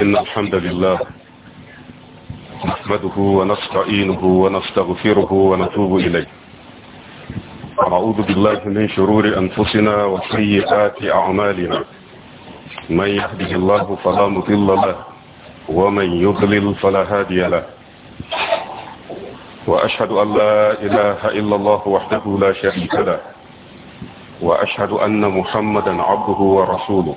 إن الحمد لله نحمده ونستعينه ونستغفره ونتوب إليه ونعوذ بالله من شرور أنفسنا وسيئات أعمالنا من يهده الله فلا مضل له ومن يضلل فلا هادي له وأشهد أن لا إله إلا الله وحده لا شريك له وأشهد أن محمدا عبده ورسوله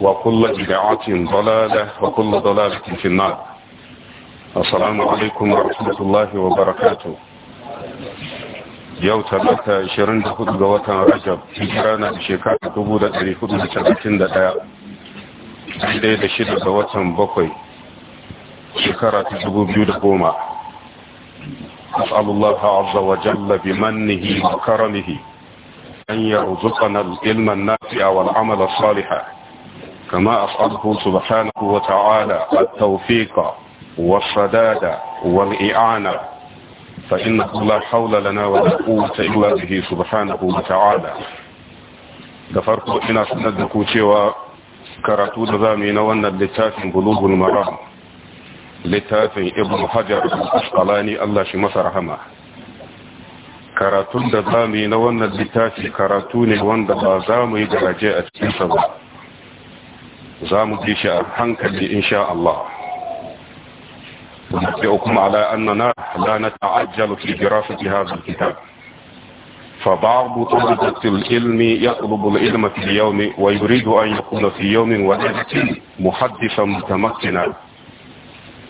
وكل بدعه ضلاله وكل ضلاله في النار السلام عليكم ورحمه الله وبركاته يوم ثلاثة عشرين دخول جوات رجب هجرانا بشيكا تبودا تريخود مسلاكين دا دا دا شد بقوي شكرا تزبو بيود بوما أسأل الله عز وجل بمنه وكرمه أن يرزقنا العلم النافع والعمل الصالح كما أسأله سبحانه وتعالى التوفيق والسداد والإعانة فإن لا حول لنا ولا قوة إلا به سبحانه وتعالى دفرت إن سنة الدكوتي وكرتو دذامين وأن اللتاف بلوغ المرام لتاف ابن حجر أسقلاني الله شمس رحمة كرتو دذامين وأن اللتاف كرتوني وأن دبازامي درجاء تسوى za mu ji shi a hankali insha Allah ونبئكم على أننا لا نتعجل في دراسة هذا الكتاب فبعض طلبة العلم يطلب العلم في اليوم ويريد أن يكون في يوم وليلة محدثا متمكنا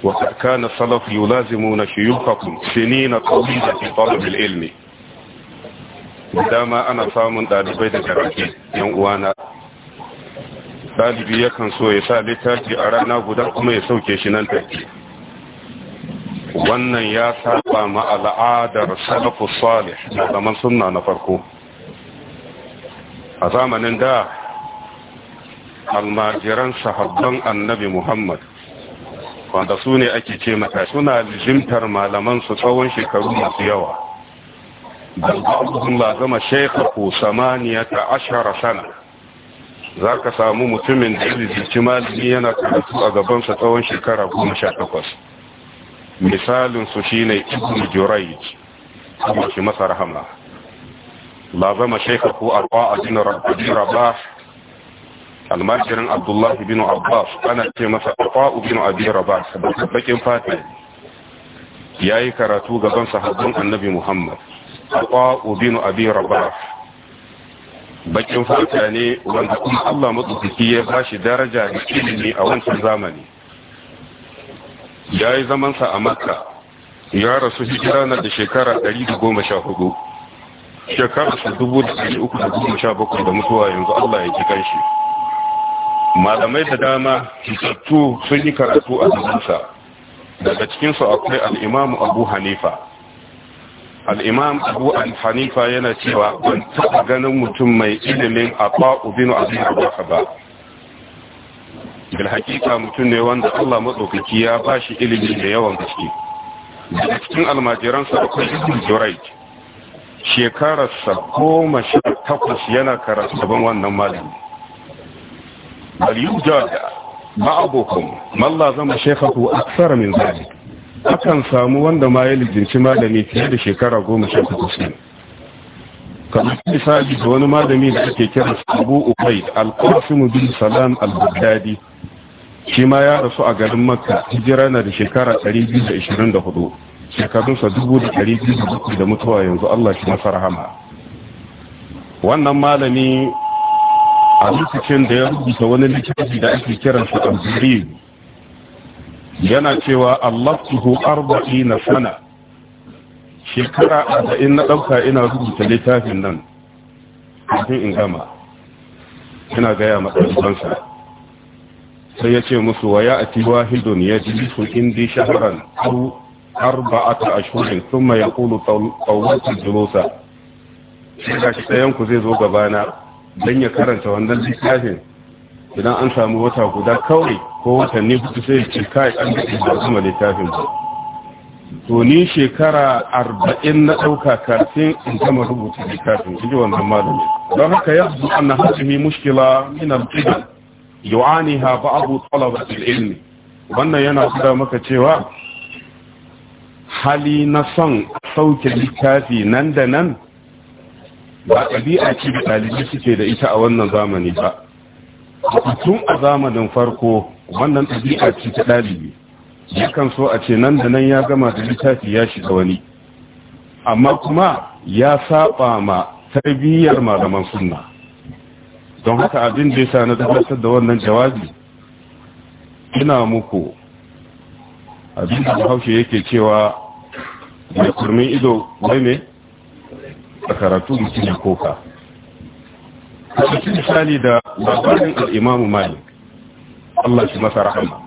وقد كان السلف يلازمون شيوخكم سنين طويلة في طلب العلم دام أنا فاهم دالبي دكراتي يوم وانا ɗalibi yakan so ya sa littafi a rana guda kuma ya sauke shi nan take wannan ya saba ma al'adar salafu salih na zaman sunna na farko a zamanin da almajiran sahabban annabi muhammad wanda su ne ake ce mata suna jimtar malaman su tsawon shekaru masu yawa da ba'adun lazama shekaru samaniya ta ashara sana za ka samu mutumin da ya ilizici malami yana karatu a gabansa tsawon shekara goma sha takwas misalinsu shi ne ibn jurayj kuma shi masa rahama lazama shekaku arwa a jin rabah almajirin abdullahi bin abbas ana ce masa arwa bin abin rabah saboda bakin fata ya yi karatu gaban sahabbin annabi muhammad arwa bin abi rabah bakin fata ne wanda kuma Allah matsaukaki ya ba shi daraja da ilimi a wancan zamani ya yi zamansa a makka ya rasu hijira na da shekara 114 shekara su 317 da mutuwa yanzu Allah ya ji kanshi malamai da dama fitattu sun yi karatu a zamansa daga cikinsu akwai al'imamu abu hanifa al'imam abu al-hanifa yana cewa ban taɓa ganin mutum mai ilimin akwa ubinu abin abuwa ba bil hakika mutum ne wanda allah matsaukaki ya ba shi ilimi da yawan gaske daga cikin almajiransa da kuma ibn durait shekararsa goma sha takwas yana karatu daban wannan malami bal yujad ma'abukum malla zama shekatu aksara min zalik akan samu wanda ma ya lijinci malami fiye da shekara goma sha takwas ne kamar misali da wani malami da ake kira abu ubai al mu bin salam al bukhari shi ma ya rasu a garin makka hijira na da shekara 224 shekarunsa 2,200 da mutuwa yanzu allah shi masar hama. wannan malami a lokacin da ya rubuta wani littafi da ake kiransa al bukhari yana cewa allah allaftuhu na sana shekara arba'in na ɗauka ina rubuta littafin nan kafin in gama ina gaya matsalibansa sai ya ce musu wa ya a tiwa hildon ya ji su indi shaharan ko arba'ata ashirin sun ma ya kulu tsawon jirosa sai ga shi ku zai zo gabana don ya karanta wannan littafin idan an samu wata guda kawai ko watanni hudu sai ce kai an daɗe da kuma littafin ba to ni shekara arba'in na ɗauka kafin in gama rubuta littafin in ji wannan malami don haka yanzu an na hasimi mushkila min al-qidam yu'aniha ba'd talabat al-ilm wannan yana kuda maka cewa hali na son sauke littafi nan da nan ba ɗabi'a ce da ɗalibi suke da ita a wannan zamani ba tun a zamanin farko wannan ɗabi'a ce ta ɗalibi yakan so a ce nan da nan ya gama da littafi ya shiga wani amma kuma ya saba ma tarbiyyar malaman sunna don haka abin da ya sa na tabbatar da wannan jawabi ina muku abin da Bahaushe yake cewa mai kurmin ido wai ne a karatu mutum ya koka a cikin misali da labarin al'imamu malik Allah shi masa rahama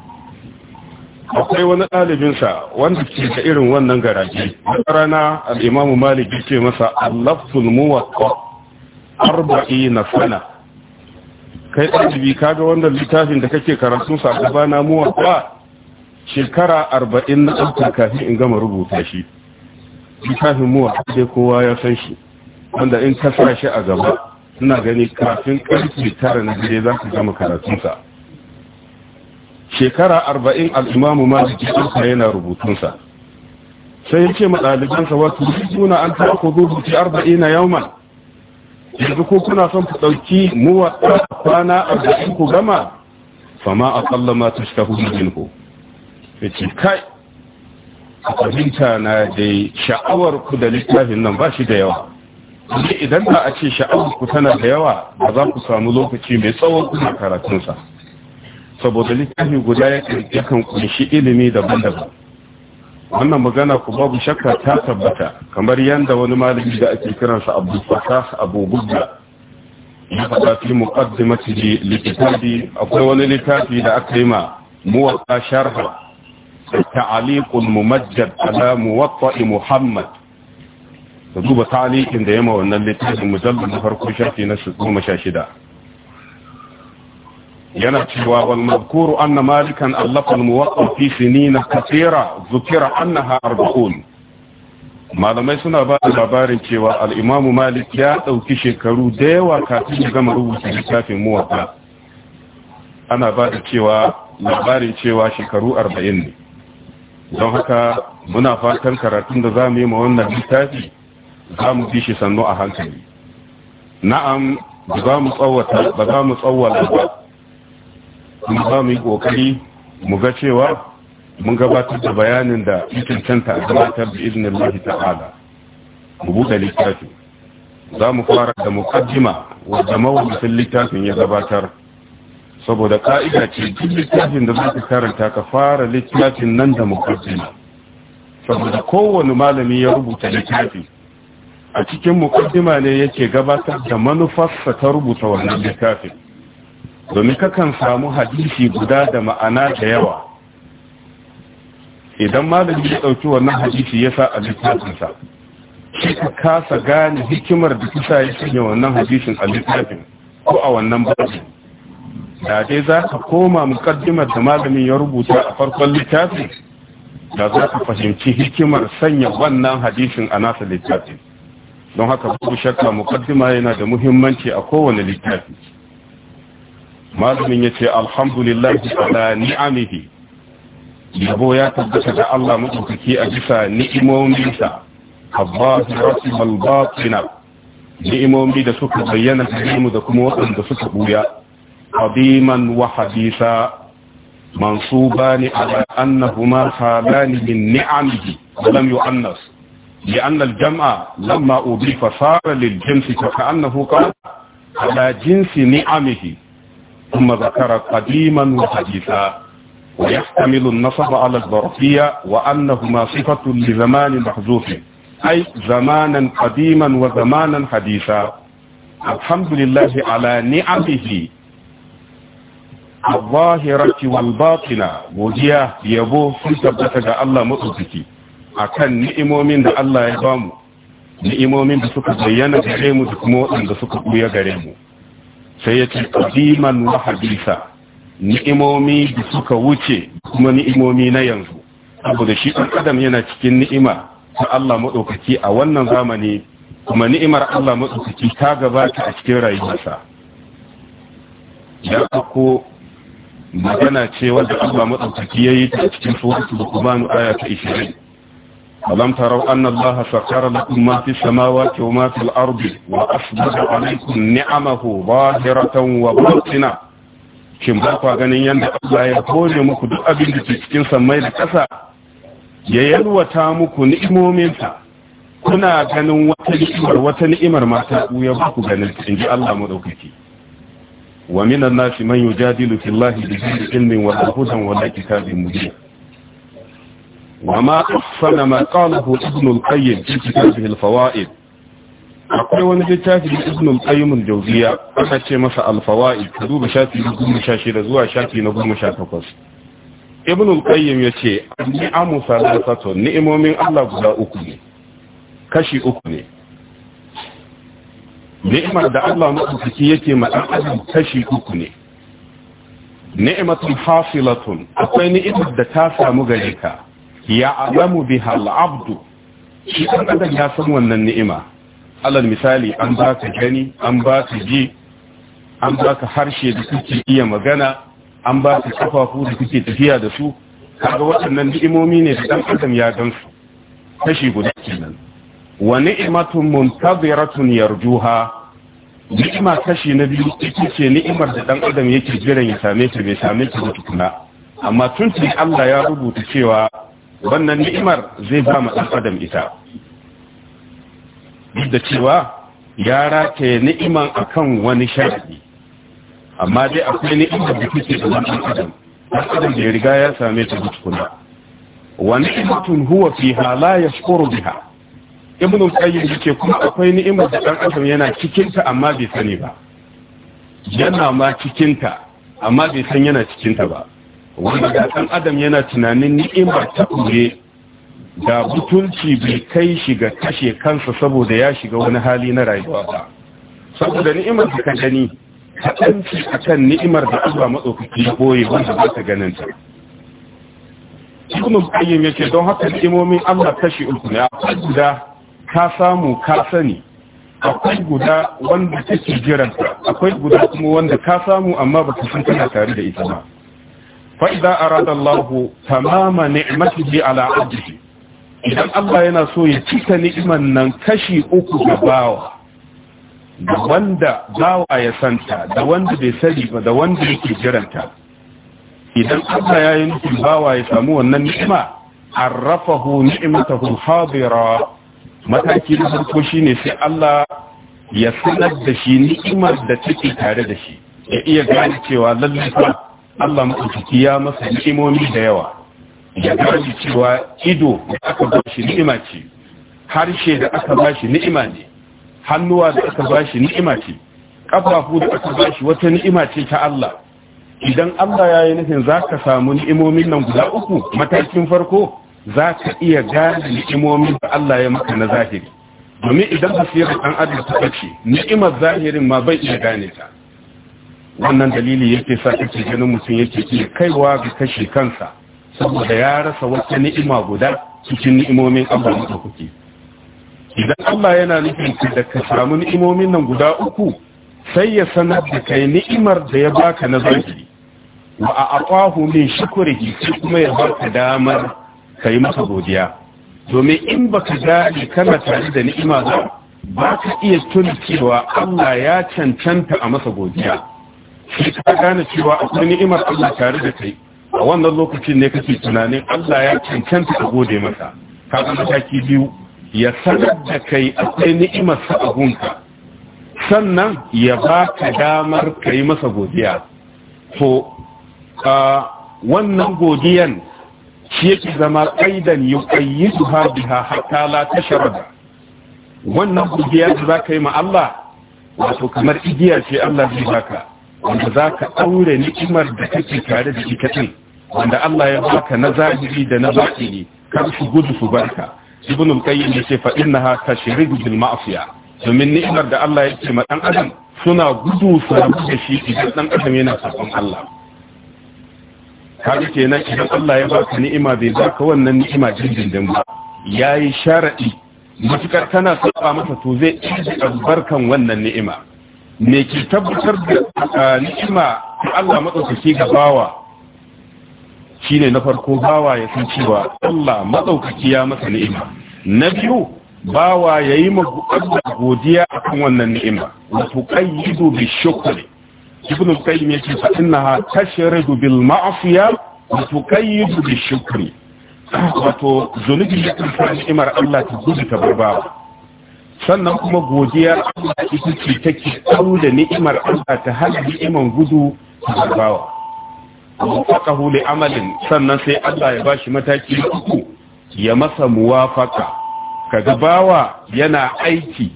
akwai wani ɗalibinsa wanda ke da irin wannan garaje wata rana al'imamu malik yake masa allaftul muwatta arba'i na sana kai ɗalibi kaga wannan littafin da kake karatu sa gaba na muwatta shekara arba'in na ɗauka kafin in gama rubuta shi littafin muwa sai kowa ya san shi wanda in kasa shi a gaba suna gani kafin karfe tara na dare za su gama karatunsa shekara arba'in al'imamu malik ya yana rubutunsa sai ya ce maɗalibansa wasu suna an taɓa ku rubuci arba'in na yauman yanzu ko kuna son ku ɗauki muwaɗa kwana arba'in ku gama fama a ƙalla ma ta shika hujjin ku ya ce kai a fahimta na dai sha'awar ku da littafin nan ba shi da yawa amma idan za a ce sha'awar ku tana da yawa ba za ku samu lokaci mai tsawon kuma karatunsa saboda littafi guda yakan kunshi ilimi daban-daban wannan magana ku babu shakka ta tabbata kamar yadda wani malami da ake kiransa abdul fatah abu bugda ya faɗa fi muqaddimati li littafi akwai wani littafi da aka yi ma muwatta sharha ta'aliqul mumajjad ala muwatta muhammad da duba talikin da yama wannan littafin mujallar na farko shafi na goma sha shida yana cewa wal mazkuru anna malikan allafa al fi sinina kathira zukira annaha arba'un malamai suna ba da labarin cewa al-imam malik ya dauki shekaru da yawa kafin ya gama rubuta littafin muwatta ana ba da cewa labarin cewa shekaru 40 ne don haka muna fatan karatun da za mu yi ma wannan littafi za mu bi shi sannu a hankali na'am ba za mu tsawata ba za tsawala ba kuma za mu yi kokari mu ga cewa mun gabatar da bayanin da cikin a gabatar da izinin lahi ta'ala mu buɗe littafin. za mu fara da mukaddima wadda mawallafin littafin ya gabatar saboda ka'ida ce duk littafin da za ka karanta ka fara littafin nan da mukaddima saboda kowane malami ya rubuta littafi a cikin mukaddima ne yake gabatar da manufarsa ta rubuta wannan littafin domin kakan samu hadisi guda da ma'ana da yawa idan malami ya ɗauki wannan hadisi ya sa a littafinsa shi ka kasa gane hikimar da kusa ya sanya wannan hadisin a littafin ko a wannan babin da dai za ka koma mukaddimar da malamin ya rubuta a farkon littafin da za ka fahimci hikimar sanya wannan hadisin a nasa littafin don haka babu shakka mukaddima yana da muhimmanci a kowane littafi malamin yace alhamdulillahi ala ni'amihi yabo ya tabbata da Allah madaukaki a bisa ni'imominsa abbasu wal batina ni'imomi da suka bayyana gare mu da kuma waɗanda suka buya qadiman wa hadisa mansubani ala annahuma halani min ni'amihi lam yu'annas لأن الجمع لما أضيف صار للجنس فكأنه قال على جنس نعمه ثم ذكر قديما وحديثا ويحتمل النصب على الظرفية وأنهما صفة لزمان محذوف أي زمانا قديما وزمانا حديثا الحمد لله على نعمه الظاهرة والباطنة وجيه يبوه سنتبتك الله مؤذكي akan ni'imomin da Allah ya ba mu ni'imomin da suka bayyana gare mu da kuma waɗanda suka buya gare mu sai ya ce qadiman wa hadisa ni'imomi da suka wuce kuma ni'imomi na yanzu saboda shi ɗan adam yana cikin ni'ima ta Allah maɗaukaki a wannan zamani kuma ni'imar Allah maɗaukaki ta gabata a cikin rayuwarsa da ko magana ce wanda Allah maɗaukaki ya yi ta cikin suwatu da kuma aya ta ishirin ألم تروا أن الله سخر لكم ما في السماوات وما في الأرض وأسبغ عليكم نعمه ظاهرة وباطنة shin ba kwa ganin yadda Allah ya kore muku duk abin da ke cikin sammai da ƙasa ya yalwata muku ni'imominsa kuna ganin wata ni'imar wata ni'imar mata ɓuya ba ku ganin in ji Allah maɗaukaki wa minan nasi man yujadilu fillahi bi ghairi ilmin wa hudan wa la kitabin mubin وما أحسن ما قاله ابن القيم في كتابه الفوائد akwai wani littafi da ibn qayyim jawziya aka ce masa al-fawaid duba shafi na 16 zuwa shafi na 18 ibn qayyim yace ni'amu salatatu ni'imomin Allah guda uku ne kashi uku ne ni'imar da Allah madaukaki yake ma dan adam kashi uku ne ni'matun hasilatun akwai ni'imar da ta samu gare ka ya alamu biha al'abdu shi ɗan adam ya san wannan ni'ima alal misali an ba ka gani an ba ka ji an ba ka harshe da kuke iya magana an ba ka kafafu da kuke tafiya da su kaga waɗannan ni'imomi ne da ɗan adam ya gan su kashi guda kenan wa ni'matun muntaziratun yarjuha ni'ima kashi na biyu ita ce ni'imar da ɗan adam yake jiran ya same ta bai same ta ba tukuna amma tun Allah ya rubuta cewa wannan ni'imar zai ba mu ɗan adam ita duk da cewa ya rataye ni'iman akan wani sharadi amma dai akwai ni'imar da kuke da wani adam ɗan adam da ya riga ya same ta Wani wani imatun huwa hala ya yashkuru biha ibn qayyim yake kuma akwai ni'imar da ɗan adam yana cikin ta amma bai sani ba yana ma cikin amma bai san yana cikinta ba wanda da ɗan adam yana tunanin ni'imar ta ɗure da butulci bai kai shi ga kashe kansa saboda ya shiga wani hali na rayuwa ba saboda ni'imar da ka gani kaɗanci a kan ni'imar da Allah matsaukaki ya boye wanda ba ta ganin ta ibn qayyim yake don haka ni'imomin Allah tashi uku ne akwai guda ka samu ka sani akwai guda wanda take jiranta akwai guda kuma wanda ka samu amma baka san kana tare da ita ba فإذا أراد الله تمام نعمته على عبده idan Allah yana so ya cika ni'iman nan kashi uku ga bawa da wanda bawa ya santa da wanda bai sani ba da wanda yake jiranta idan Allah ya yi nufin bawa ya samu wannan ni'ima arrafahu ni'matahu hadira mataki na farko ne sai Allah ya sanar da shi ni'imar da take tare da shi ya iya gane cewa lallai Allah maɗaukaki ya masa ni'imomi da yawa ya gani cewa ido da aka ba shi ni'ima ce harshe da aka ba shi ni'ima ne hannuwa da aka ba shi ni'ima ce ƙafafu da aka ba shi wata ni'ima ce ta Allah idan Allah ya yi nufin za ka samu ni'imomin nan guda uku matakin farko za ka iya gane ni'imomin da Allah ya maka na zahiri domin idan hasirar ɗan adam ta ce ni'imar zahirin ma bai iya gane ta wannan dalili yake sa kake ganin mutum yake ke kaiwa ga kashe kansa saboda ya rasa wata ni'ima guda cikin ni'imomin Allah da kuke idan Allah yana nufin da ka samu ni'imomin nan guda uku sai ya sanar da kai ni'imar da ya baka na zaki wa a aqahu min shukrihi kuma ya baka damar kai masa godiya domin in baka gani kana tare da ni'ima ba ka iya tunkewa Allah ya cancanta a masa godiya sai ka gane cewa akwai ni'imar Allah tare da kai a wannan lokacin ne kake tunanin Allah ya cancanta ka gode masa ka ga mataki biyu ya sanar da kai akwai ni'imar sa a gunka sannan ya ba ka damar ka yi masa godiya to a wannan godiyan shi yake zama aidan yi haɗi ha biha la ta tasharada wannan godiya da za ka yi ma Allah wato kamar igiya ce Allah zai baka wanda za ka aure ni'imar da kake tare da ita ɗin wanda Allah ya baka na zahiri da na baɗini kar su gudu su barka ibn al-qayyim yace fa innaha tashridu bil ma'siya domin ni'imar da Allah ya ce ma dan adam suna gudu su rabu da shi idan dan adam yana sabon Allah kaga kenan idan Allah ya baka ni'ima bai baka wannan ni'ima dindindin ba yayi sharadi matukar kana saba masa to zai ci albarkan wannan ni'ima me ke tabbatar da ni'ima ta Allah matsaukaki ga bawa shine na farko bawa ya san cewa Allah matsaukaki ya masa ni'ima na biyu bawa ya yi Allah godiya a kan wannan ni'ima wato qayyidu bi shukri ibn qayyim yace fa innaha tashridu bil ma'siya wa tuqayyidu bi shukri wato zunubi ya kan ni'imar Allah ta gudu ta barbawa sannan kuma godiya ita ce take tsaro da ni'imar Allah ta har ni'iman gudu ta zarbawa muwafaqahu huli amalin sannan sai Allah ya bashi mataki uku ya masa muwafaka. kaga bawa yana aiki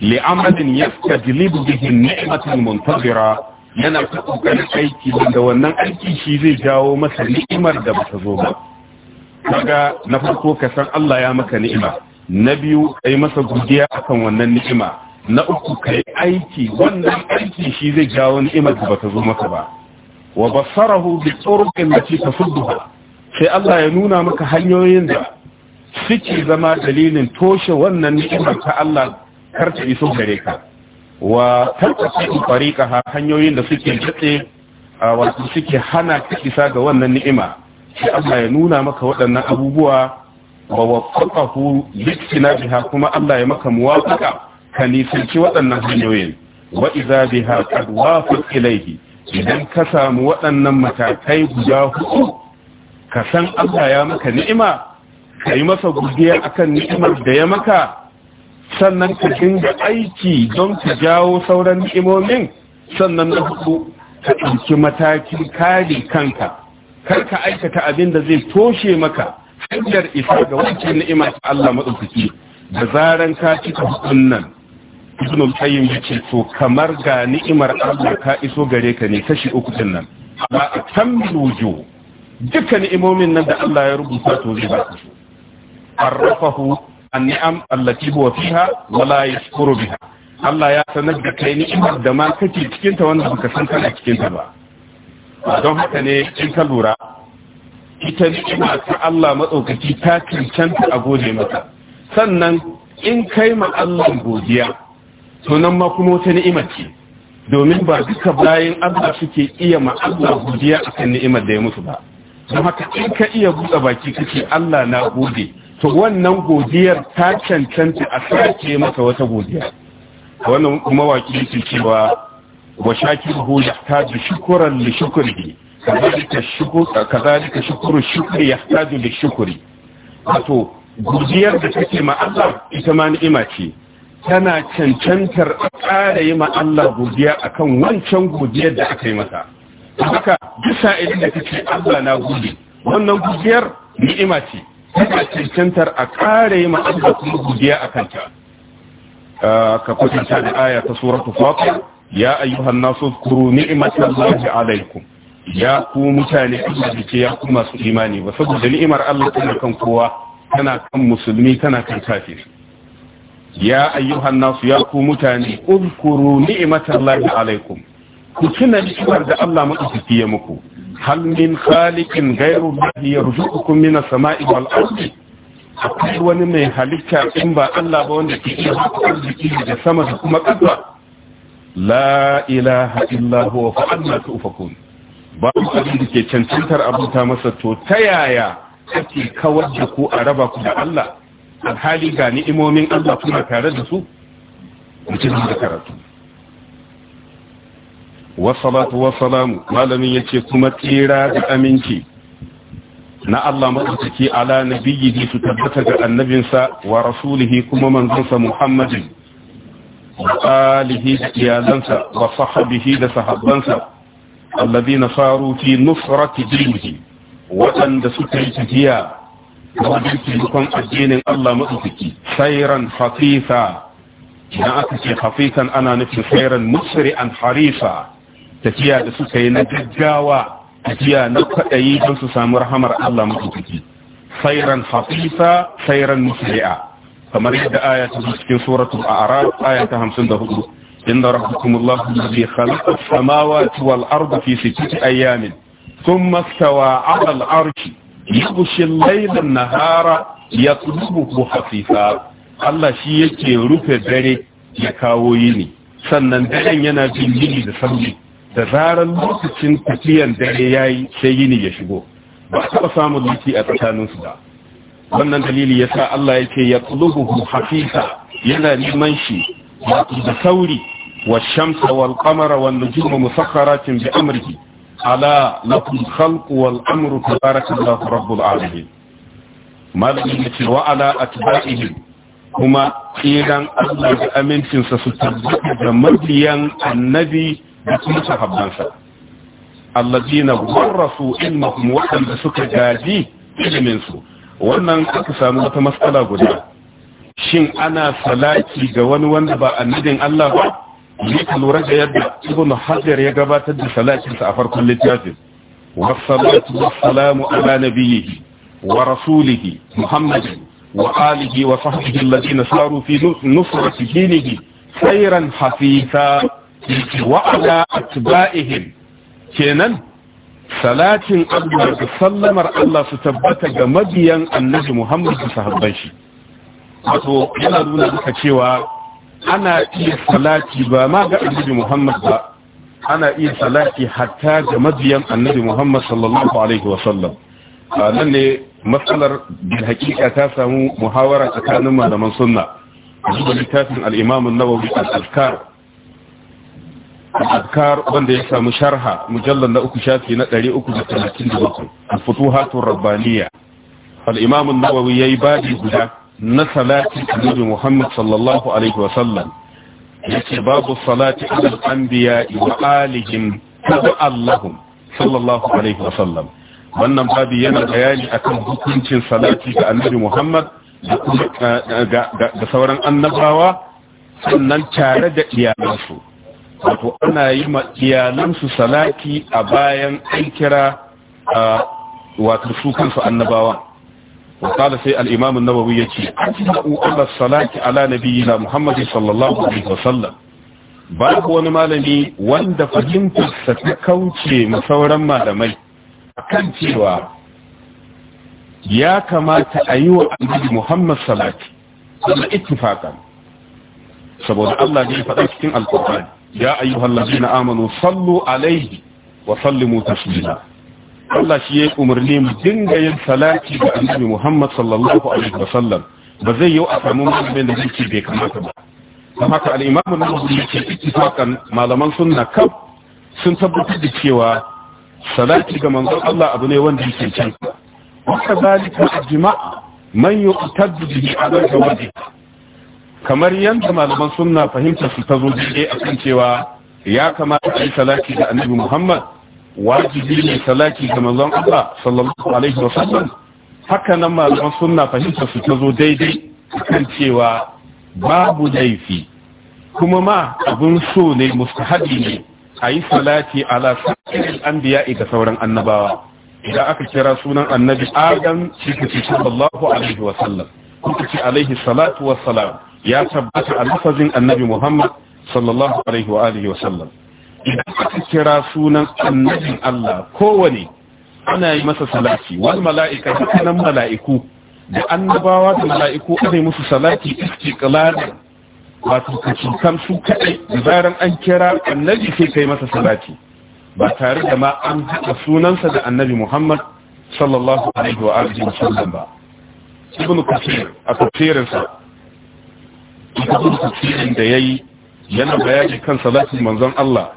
li amalin jilibu bihi ni'imatin muntazira yana kokarin aiki da wannan aiki shi zai jawo masa ni'imar da bata zo ba kaga na farko ka san Allah ya maka ni'ima na biyu ka yi masa godiya akan wannan ni'ima na uku ka yi aiki wannan aiki shi zai jawo ni'imar da bata zo maka ba wa basarahu bi turqin lati tafudduha sai Allah ya nuna maka hanyoyin da suke zama dalilin toshe wannan ni'imar ta Allah kar ta iso gare ka wa tarkatu tariqaha hanyoyin da suke jatse wato suke hana ka isa ga wannan ni'ima sai Allah ya nuna maka waɗannan abubuwa wa waffaqahu liktinabiha kuma Allah ya maka muwafaqa ka nisanci waɗannan hanyoyin wa idza biha qad ilayhi idan ka samu waɗannan matakai guda huɗu ka san Allah ya maka ni'ima yi masa godiya akan ni'imar da ya maka sannan ka dinga aiki don ka jawo sauran ni'imomin sannan na huɗu ka ɗauki matakin kare kanka kar ka aikata abin da zai toshe maka hanyar isa ga wancan ni'ima ta Allah madaukaki da zaran ka cika hukun nan ibn al-qayyim yace to kamar ga ni'imar Allah ka iso gare ka ne kashi uku din nan ba a tambujo duka ni'imomin nan da Allah ya rubuta to zai ba su arrafahu an allati huwa fiha wa la yashkuru biha Allah ya sanar da kai ni'imar da ma kake cikin ta wanda baka san kana cikin ta ba don haka ne in ka lura ita ni'ima ta Allah matsaukaki ta cancanta a gode mata sannan in kai ma Allah godiya to nan ma kuma wata ni'ima ce domin ba duka bayan Allah suke iya ma Allah godiya kan ni'imar da ya mutu ba don haka in ka iya buɗe baki kake Allah na gode to wannan godiyar ta cancanta a sake maka wata godiya wannan kuma mawaki yake cewa wa shakir hu yahtaju shukran li shukrihi kazalika shukuru shukri yahtaju li shukri wato gudiyar da take ma Allah ita ma ni'ima ce tana cancantar a ƙara yi ma Allah godiya akan wancan godiyar da aka yi masa haka bisa sa'ilin da kace Allah na gode wannan godiyar ni'ima ce tana cancantar a ƙara yi ma Allah kuma godiya akan ta ka kwatanta da aya ta suratul fatir ya ayyuhan nasu kuru ni'matallahi alaikum ya ku mutane Allah da ke ya ku masu imani ba saboda ni'imar Allah tana kan kowa tana kan musulmi tana kan kafiri ya ayyuhan nasu ya ku mutane uzkuru ni'matallahi alaikum ku tuna ni'imar da Allah madaukaki ya muku hal min khaliqin ghayru allahi yarzuqukum min as-sama'i wal ardi akwai wani mai halitta in ba Allah ba wanda ke iya arziki da sama da kuma ƙasa la ilaha illa huwa fa'anna tufakun ba abin da ke cancantar abuta masa to ta yaya ake kawar da ku a raba ku da Allah alhali ga ni'imomin Allah kuma tare da su mutum da karatu wasalatu wasalamu malamin yace kuma tsira da aminci na Allah madaukaki ala nabiyyi su tabbata ga annabinsa wa rasulihi kuma manzonsa Muhammadin wa alihi da iyalansa wa sahbihi da sahabbansa alladhina saru fi nusrati dinihi waɗanda suka yi tafiya da taimakon addinin Allah maɗaukaki sairan hafifa idan aka ce hafifan ana nufin sairan musri an Harisa, tafiya da suka yi na gaggawa tafiya na kwaɗayi don su samu rahamar Allah maɗaukaki sairan Hafisa sairan musri'a kamar yadda aya ta cikin suratul a'raf aya ta 54 إن ربكم الله الذي خلق السماوات والأرض في ستة أيام ثم استوى على العرش يغشي الليل النهار يطلبه حفيفا Allah shi yake rufe dare ya kawo yini sannan daren yana bin yini da sauri da zarar lokacin tafiyan dare yayi sai yini ya shigo ba a taɓa samun liki a tsakaninsu ba wannan dalili ya sa Allah yake ya tulubuhu hafisa yana neman shi da sauri والشمس والقمر والنجوم مسخرات بأمره ألا لكم الخلق والأمر تبارك الله رب العالمين مالك وعلى أتباعهم هما إيران الله بأمين تنسى ستبقى مبيا النبي بكم صحبانسا الذين ورثوا علمهم وحن بسك جاجي علمينسو wannan aka samu wata matsala guda shin ana salati ga wani wanda ba annabin Allah ba ne ka lura da yadda ibn hajar ya gabatar da salatinsa a farkon littafin Wa salamu ala nabiyhi wa rasulihi muhammadin wa alihi wa sahbihi alladhina saru fi nusrati dinihi sayran hafisa wa ala atba'ihim kenan salatin abu da sallamar Allah su tabbata ga mabiyan annabi Muhammad da sahabban shi wato yana nuna duka cewa ana iya salati ba ma ga annabi Muhammad ba ana iya salati hatta ga mabiyan annabi Muhammad sallallahu alaihi wa sallam nan ne matsalar bil hakika ta samu muhawara tsakanin malaman sunna zuwa littafin al-Imam an-Nawawi al-Azkar al-Azkar wanda ya samu sharha mujallal na uku shafi na 337 al-Futuhatur Rabbaniyya al-Imam an-Nawawi yayi babi guda na salati annabi Muhammad sallallahu alaihi wasallam yace babu salati alal anbiya wa alihim Allahum sallallahu alaihi sallam wannan babu yana bayani akan hukuncin salati ga annabi Muhammad da eh, eh, sauran annabawa sannan tare da iyalansu wato ana yi ma iyalansu salati a bayan an kira ah, wato su kansu annabawa. وقال سي الإمام النووي يكي أجمعوا على الصلاة على نبينا محمد صلى الله عليه وسلم babu wani malami wanda fahimtarsa ta kauce masauran malamai kan cewa ya kamata a yi wa annabi Muhammad salati kuma ittifaqan saboda Allah ne faɗa cikin alqur'ani ya ayyuhal ladina amanu sallu alaihi wa sallimu taslima Allah shi ya umarni mu dinga yin salati ga annabi Muhammad sallallahu alaihi wasallam ba zai yi a samu malamin da yake bai kamata ba don haka al-Imam an malaman sunna kaf sun tabbatar da cewa salati ga manzon Allah abu ne wanda yake can zalika man kamar malaman sunna fahimta su ta zo a akan cewa ya kamata a yi salati ga annabi Muhammad wajibi ne salati ga manzon Allah sallallahu alaihi wasallam haka nan malaman sunna fahimta su ta zo daidai kan cewa babu laifi kuma ma abun so ne mustahabi ne a yi salati ala sa'irin biya ga sauran annabawa idan aka kira sunan annabi adam shi ka ce sallallahu alaihi sallam, kuka ce alaihi salatu wa wassalam ya tabbata a lafazin annabi muhammad sallallahu alaihi wa alihi wasallam idan aka kira sunan annabin Allah kowane ana yi masa salati wal mala'ika dukkanin mala'iku da annabawa da mala'iku ana yi musu salati istiqlal wato kacukan su kadai da zaran an kira annabi sai kai masa salati ba tare da ma an haɗa sunansa da annabi Muhammad sallallahu alaihi wa alihi wa sallam ba ibn kasir a tafsirinsa ibn kasirin da yayi yana bayani kan salatin manzon Allah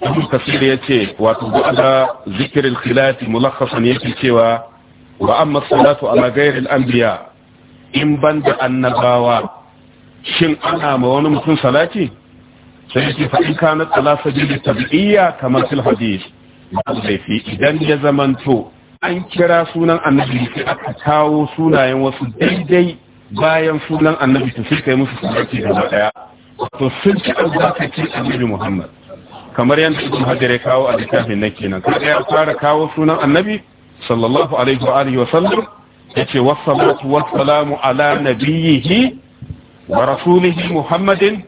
abu kasir ya ce wato bu ala zikirin khilafi mulakhasan yake cewa wa amma salatu ala ghairil anbiya in banda annabawa shin ana ma wani mutum salati sai yake fa in kana ala sabili tabi'iyya kamar fil hadith laifi idan ya zamanto an kira sunan annabi sai aka kawo sunayen wasu daidai bayan sunan annabi to sai kai musu salati gaba daya to sun ci albarkacin annabi Muhammad kamar yadda ibn hajar ya kawo a littafin nan kenan kaga ya fara kawo sunan annabi sallallahu alaihi wa alihi wa sallam yace wassalatu wassalamu ala nabiyhi wa rasulihi muhammadin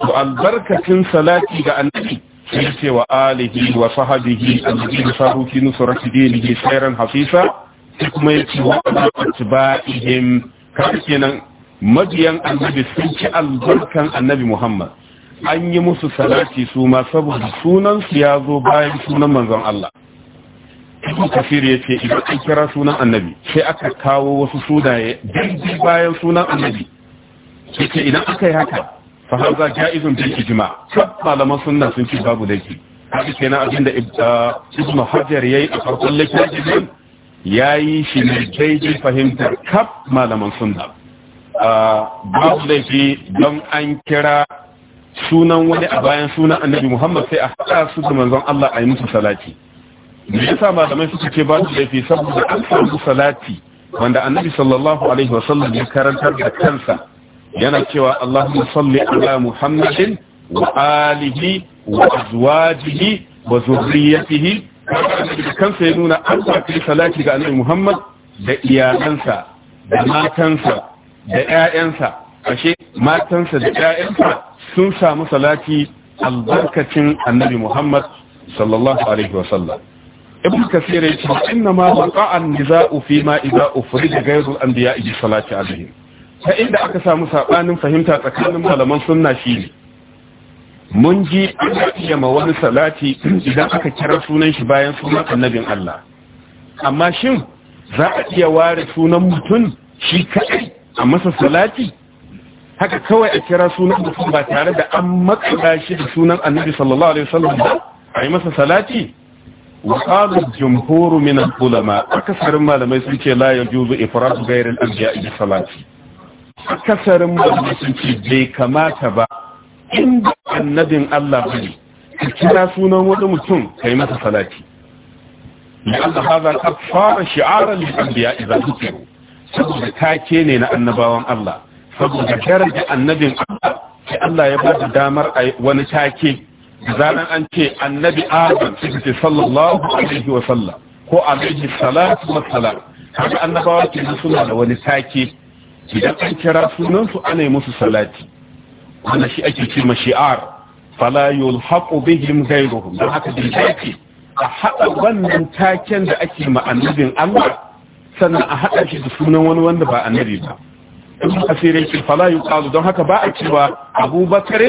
wa albarkatin salati ga annabi sai ce wa alihi wa sahabihi alladhi sahu fi nusrati dinihi sayran hafisa kuma yace wa atba'ihim kaga kenan mabiyan annabi sun ci albarkan annabi muhammad an yi musu salati su ma saboda sunansu ya zo bayan sunan manzon Allah ibn kafir ya ce idan an kira sunan annabi sai aka kawo wasu sunaye daidai bayan sunan annabi yace idan aka yi haka fa haza jaizun bil ijma malaman sunna sun ci babu laifi haka kenan abinda uh, ibn hajar yayi a farkon ya yi shi ne daidai fahimtar kaf malaman sunna uh, babu laifi don an kira sunan wani a bayan sunan annabi muhammad sai a haɗa su da manzon allah a yi musu salati me yasa malamai suka ce ba su laifi saboda an samu salati wanda annabi sallallahu alaihi sallam ya karantar da kansa yana cewa allahumma salli ala muhammadin wa alihi wa azwajihi wa zurriyatihi kansa ya nuna an samu salati ga annabi muhammad da iyalansa da matansa da ƴaƴansa ashe matansa da ƴaƴansa sun samu salati albarkacin annabi Muhammad sallallahu alaihi wasallam ibn kasir ya ce inna ma waqa'a an-niza'u fi ma idza ufrida ghayru al-anbiya'i bi salati alaihim ta inda aka samu sabanin fahimta tsakanin malaman sunna shi mun ji iya ma wani salati idan aka kira sunan shi bayan sunan annabin Allah amma shin za a iya ware sunan mutum shi kaɗai a masa salati haka kawai a kira sunan mutum ba tare da an matsa shi da sunan annabi sallallahu alaihi wasallam ba a yi masa salati wa qalu jumhuru min al-ulama akasarin malamai sun ce la yajuzu ifradu ghayr al-anbiya bi salati akasarin malamai sun ce bai kamata ba inda annabin Allah bane ka kira sunan wani mutum kai masa salati لأن هذا الأطفال شعارا للأنبياء إذا ذكروا saboda take ne na annabawan Allah saboda daraja annabin Allah sai Allah ya bada damar a wani take zanen an ce annabi Adam sai sallallahu alaihi wa sallam ko alaihi salatu wa salam haka annabawa ke suna da wani take idan an kira sunansu ana yi musu salati wannan shi ake ce mashi'ar fala yulhaqu bihim ghayruhum don haka din take a hada wannan taken da ake ma annabin Allah sannan a hada shi da sunan wani wanda ba annabi ba ibn kasir yake fala yuqalu don haka ba a cewa abubakar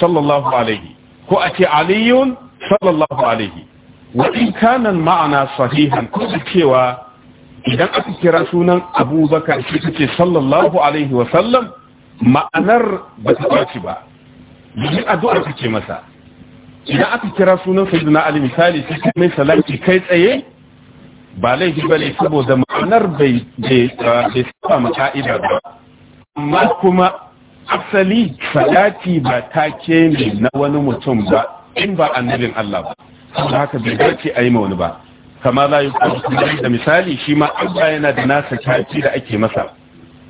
sallallahu alaihi ko a ce aliyun sallallahu alaihi wa in kana ma'ana sahihan ko cewa idan aka kira sunan abubakar shi kace sallallahu alaihi wa sallam ma'anar ba ta ci ba yin addu'a kake masa idan aka kira sunan sayyidina ali misali sai mai salati kai tsaye ba laifi bane saboda ma'anar bai bai saba ma ka'ida ba amma kuma asali salati ba take ne na wani mutum ba in ba annabin Allah ba haka bai dace a yi wani ba kama za yi da misali shi ma yana da nasa taki da ake masa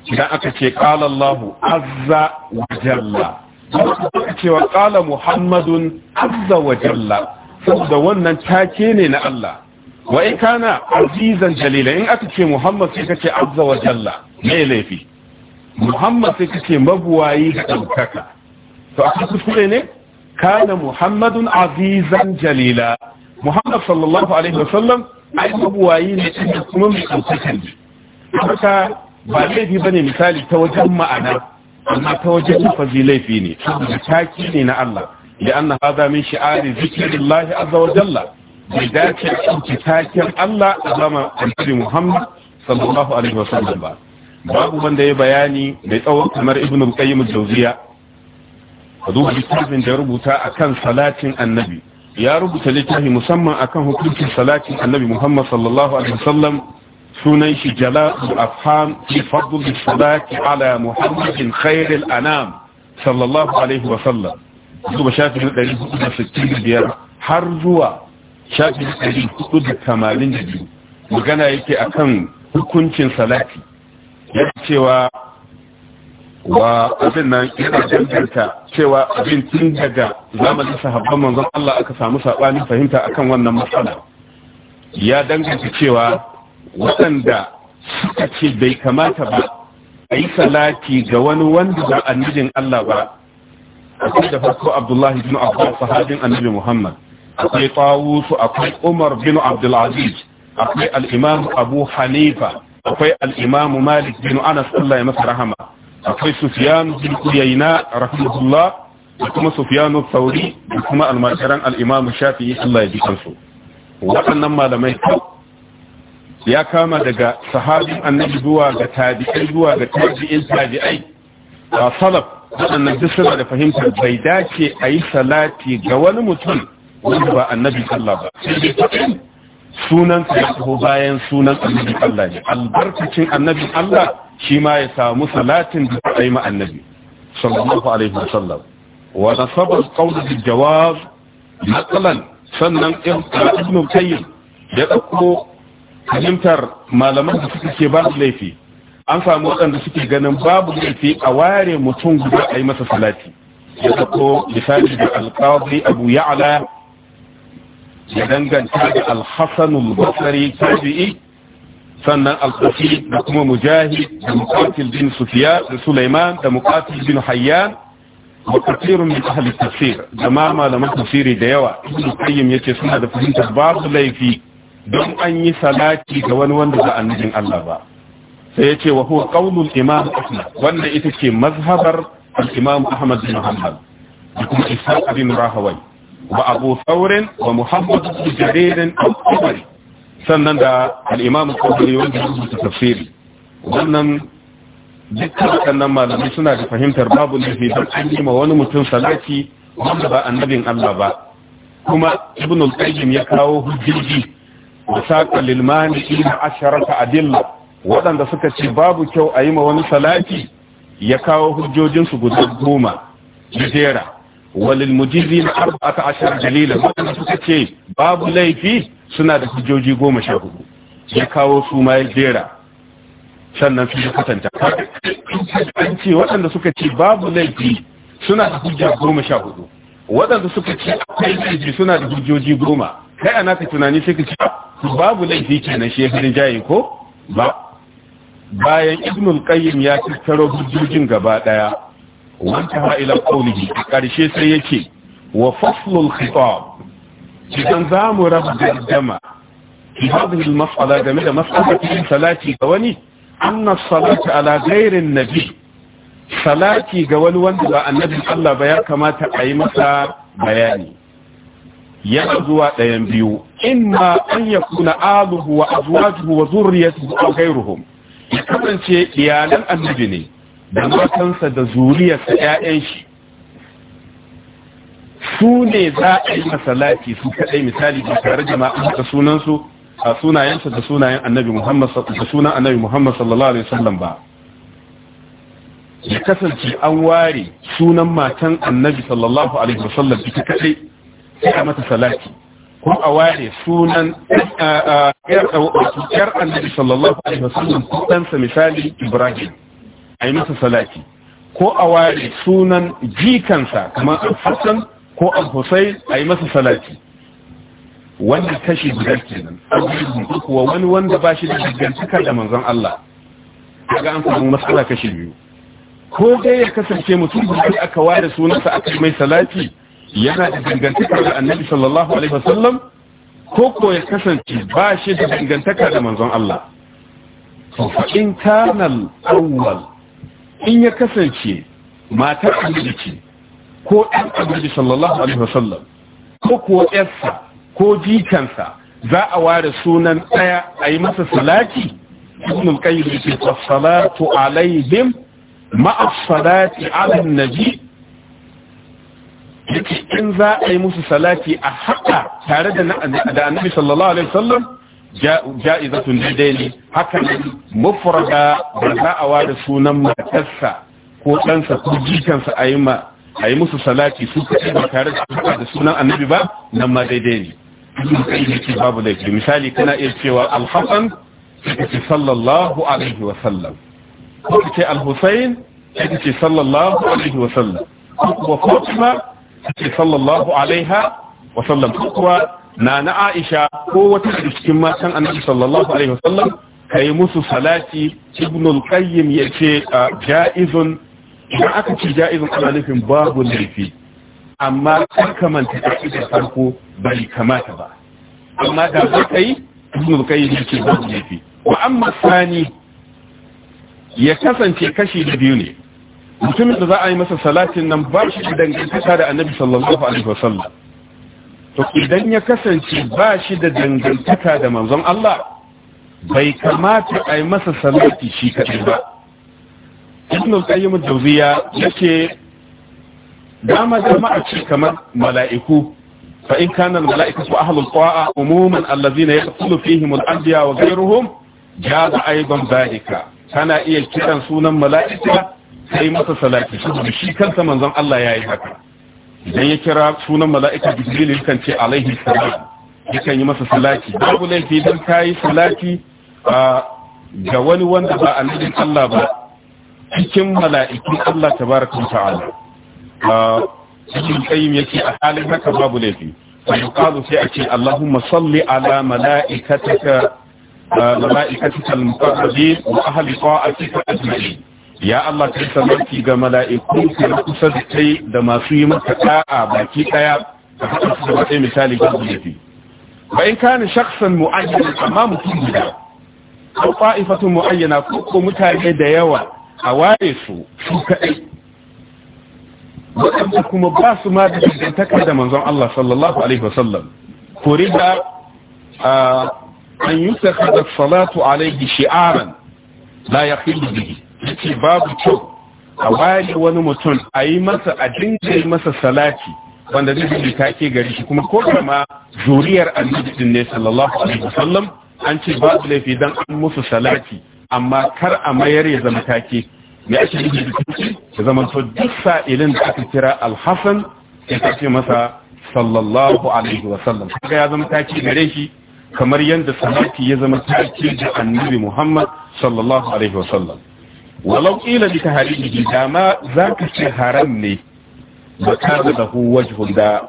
idan aka ce qala Allahu azza wa jalla aka wa qala Muhammadun azza wa jalla saboda wannan take ne na Allah wa in kana azizan jalila in aka ce Muhammad sai ka ce azza wa jalla me laifi muhammad sai kake mabuwayi da ɗaukaka to a kuskure ne kana muhammadun azizan jalila muhammad sallallahu alaihi wasallam ai mabuwayi ne kuma mai ɗaukaka ne haka ba laifi ba ne misali ta wajen ma'ana amma ta wajen lafazi laifi ne taki ne na Allah da an hada min zikirin lahi azza wa jalla bai dace a taken Allah a zama annabi Muhammad sallallahu alaihi wasallam ba babu wanda ya bayani mai tsawo kamar ibn al-qayyim al-jawziya duba littafin da rubuta akan salatin annabi ya rubuta littafi musamman akan hukuncin salatin annabi muhammad sallallahu alaihi wasallam sunan shi jala'u afham fi fadl salati ala muhammadin khairil anam sallallahu alaihi wasallam duba shafin 465 har zuwa shafin 482 magana yake akan hukuncin salati ya cewa wa abin nan yana danganta cewa abin tun daga zamanin sahabban manzon Allah aka samu sabanin fahimta akan wannan matsala ya danganta cewa waɗanda suka ce bai kamata ba a yi salati ga wani wanda ba annabin Allah ba akwai da farko Abdullahi bin Abbas sahabin annabi Muhammad akwai Tawus akwai Umar bin Abdul Aziz akwai al-Imam Abu Hanifa akwai Al'imamu malik bin anas Allah ya masa rahama akwai Sufiyanu bin uyayna rahimahullah da kuma Sufiyanu thauri da kuma al-majiran al Allah ya ji kansu waɗannan malamai ya kama daga sahabin annabi zuwa ga tabi'ai zuwa ga tabi'in tabi'ai a salaf waɗannan duk suna da fahimtar bai dace a yi salati ga wani mutum wanda ba annabi sallah ba sunan ya taho bayan sunan annabi Allah ne albarkacin annabi Allah shi ma ya samu salatin da ta yi annabi sallallahu alaihi wasallam wa nasaba alqawl bil jawab naqlan sannan ibn qayyim ya dauko fahimtar malaman da suke ba su laifi an samu waɗanda suke ganin babu laifi a ware mutum guda a yi masa salati ya dauko misali da alqadi abu ya'la ya danganta da alhassanul basari tabi'i sannan al da kuma mujahid da muqatil bin sufyan da sulaiman da muqatil bin hayyan wa kathirun min ahli tafsir da ma malaman tafsiri da yawa ibn qayyim yace suna da fahimtar babu laifi don an yi salati ga wani wanda ba annabin Allah ba sai yace wa huwa qaulul imam ahmad wanda ita ce mazhabar al-imam ahmad bin hanbal da kuma ishaq bin rahawai وأبو ثور ومحمد بن جرير الطبري sannan da al'imamun kogiri wanda ya rubuta tafsiri wannan dukkan waɗannan malamai suna da fahimtar babu nufi don an yi ma wani mutum salati wanda ba annabin Allah ba kuma ibn al-qayyim ya kawo hujjiji da saqa lil mani'i asharata adilla waɗanda suka ce babu kyau a yi ma wani salati ya kawo hujjojinsu guda goma jera walil mujizi na arba'ata ashar dalila wanda suka ce babu laifi suna da hujjoji goma sha hudu ya kawo su ma ya jera sannan su kwatanta an ce waɗanda suka ce babu laifi suna da hujja goma sha hudu waɗanda suka ce akwai laifi suna da hujjoji goma kai ana ka tunani sai ka ce ah, babu laifi kenan shi ya jaye ko ba bayan ibnul qayyim ya tattaro hujjojin gaba daya wantaha ila qawlihi a ƙarshe sai yake wa faslul khitab idan za mu raba dama fi hadhihi al game da mas'alatin salati ga wani anna salata ala ghairi nabi salati ga wani wanda ba annabin Allah ba ya kamata a yi masa bayani yana zuwa ɗayan biyu in ma an ya kuna aluhu wa azwajuhu wa zurriyatuhu aw ghayruhum ya kasance iyalan annabi ne da matansa da zuriyarsa ƴaƴan shi su ne za a yi masalati su kaɗai misali ba tare jama'a da sunansu a sunayensa da sunayen annabi Muhammad da sunan annabi Muhammad sallallahu alaihi sallam ba ya kasance an ware sunan matan annabi sallallahu alaihi wasallam ita kaɗai sai a mata salati kuma a ware sunan yar annabi sallallahu alaihi wasallam ko ɗansa misali Ibrahim a yi masa salati ko a ware sunan jikansa kamar al-hassan ko al-husai a yi masa salati wanda kashi guda kenan kuwa wani wanda ba shi da dangantaka da manzon Allah kaga an samu matsala kashi biyu ko dai ya kasance mutum da aka ware sunansa aka yi mai salati yana da dangantaka da annabi sallallahu alaihi wasallam ko ko ya kasance ba shi da dangantaka da manzon Allah to fa in kana al-awwal in ya kasance matar annabi ce ko ɗan annabi sallallahu alaihi wasallam ko kuwa ƴarsa ko jikansa za a ware sunan ɗaya a yi masa salati Ibnul al-qayyim yace as-salatu alaihim ma'a as-salati ala an-nabi in za a yi musu salati a haɗa tare da annabi sallallahu alaihi wasallam ja'izatun daidai ne hakan mufrada ba za a ware sunan matarsa ko ɗansa ko jikansa a yi a yi musu salati su kaɗai ba tare da haka da sunan annabi ba nan ma daidai ne kai babu laifi misali kana iya cewa alhassan ce sallallahu alaihi wa sallam ko ce alhussein ce sallallahu alaihi wa sallam ko kuma fatima ce sallallahu alaiha wa sallam ko kuwa na na aisha ko wata cikin matan annabi sallallahu alaihi wasallam kai musu salati ibn al-qayyim yace ja'izun idan aka ci ja'izun ana nufin babu laifi amma kamanta da ita farko bai kamata ba amma da ba kai ibn al-qayyim yace babu laifi wa amma sani ya kasance kashi da biyu ne mutumin da za a yi masa salatin nan ba shi dangantaka da annabi sallallahu alaihi wasallam to idan ya kasance ba shi da dangantaka da manzon Allah bai kamata a yi masa salati shi kaɗai ba ibn al-qayyim ad-dawziya yake dama dama a ce kamar mala'iku fa in kana al-mala'ikatu ahlul ta'a umuman allazina yaqtulu fihim al-anbiya wa ghayruhum jaza aidan zalika kana iya kiran sunan mala'ika sai masa salati shi kansa manzon Allah yayi haka idan ya kira sunan mala'ika jibril yakan ce alaihi salam yakan yi masa salaki babu laifi dan yi salaki ga wani wanda ba annabin Allah ba cikin mala'ikun Allah tabaraka wa ta'ala cikin kayyim yake a halin haka babu laifi fa yuqalu sai ake Allahumma salli ala mala'ikataka mala'ikatikal muqarrabin wa ahli ta'atika ajma'in ya Allah ka samarki ga mala'iku ka kusa da kai da masu yi maka ɗa'a baki ɗaya. ka haɗa su da wata misali ga zunubi bayan kana shakhsan mu'ayyan amma mutum guda ko fa'ifatu mu'ayyana ko ko mutane da yawa a waye su su kaɗai waɗanda kuma ba su ma da dangantaka da manzon Allah sallallahu alaihi wasallam ko riga an yi ta kada salatu alaihi shi'aran la ya fi bihi yace babu kyau a ware wani mutum a yi masa a dinga yi masa salati wanda zai bi take gari shi kuma ko kama zuriyar annabi ne sallallahu alaihi wasallam an ce babu laifi dan an musu salati amma kar a mayar ya zama take me ce nufi da ya zama to duk sa'ilin da aka kira Alhassan ya tafi masa sallallahu alaihi wasallam kaga ya zama take gare shi kamar yadda salati ya zama take da annabi muhammad sallallahu alaihi wasallam walau ƙila bi hari da dama za ka ce haram ne ba ka da lahu wajhun da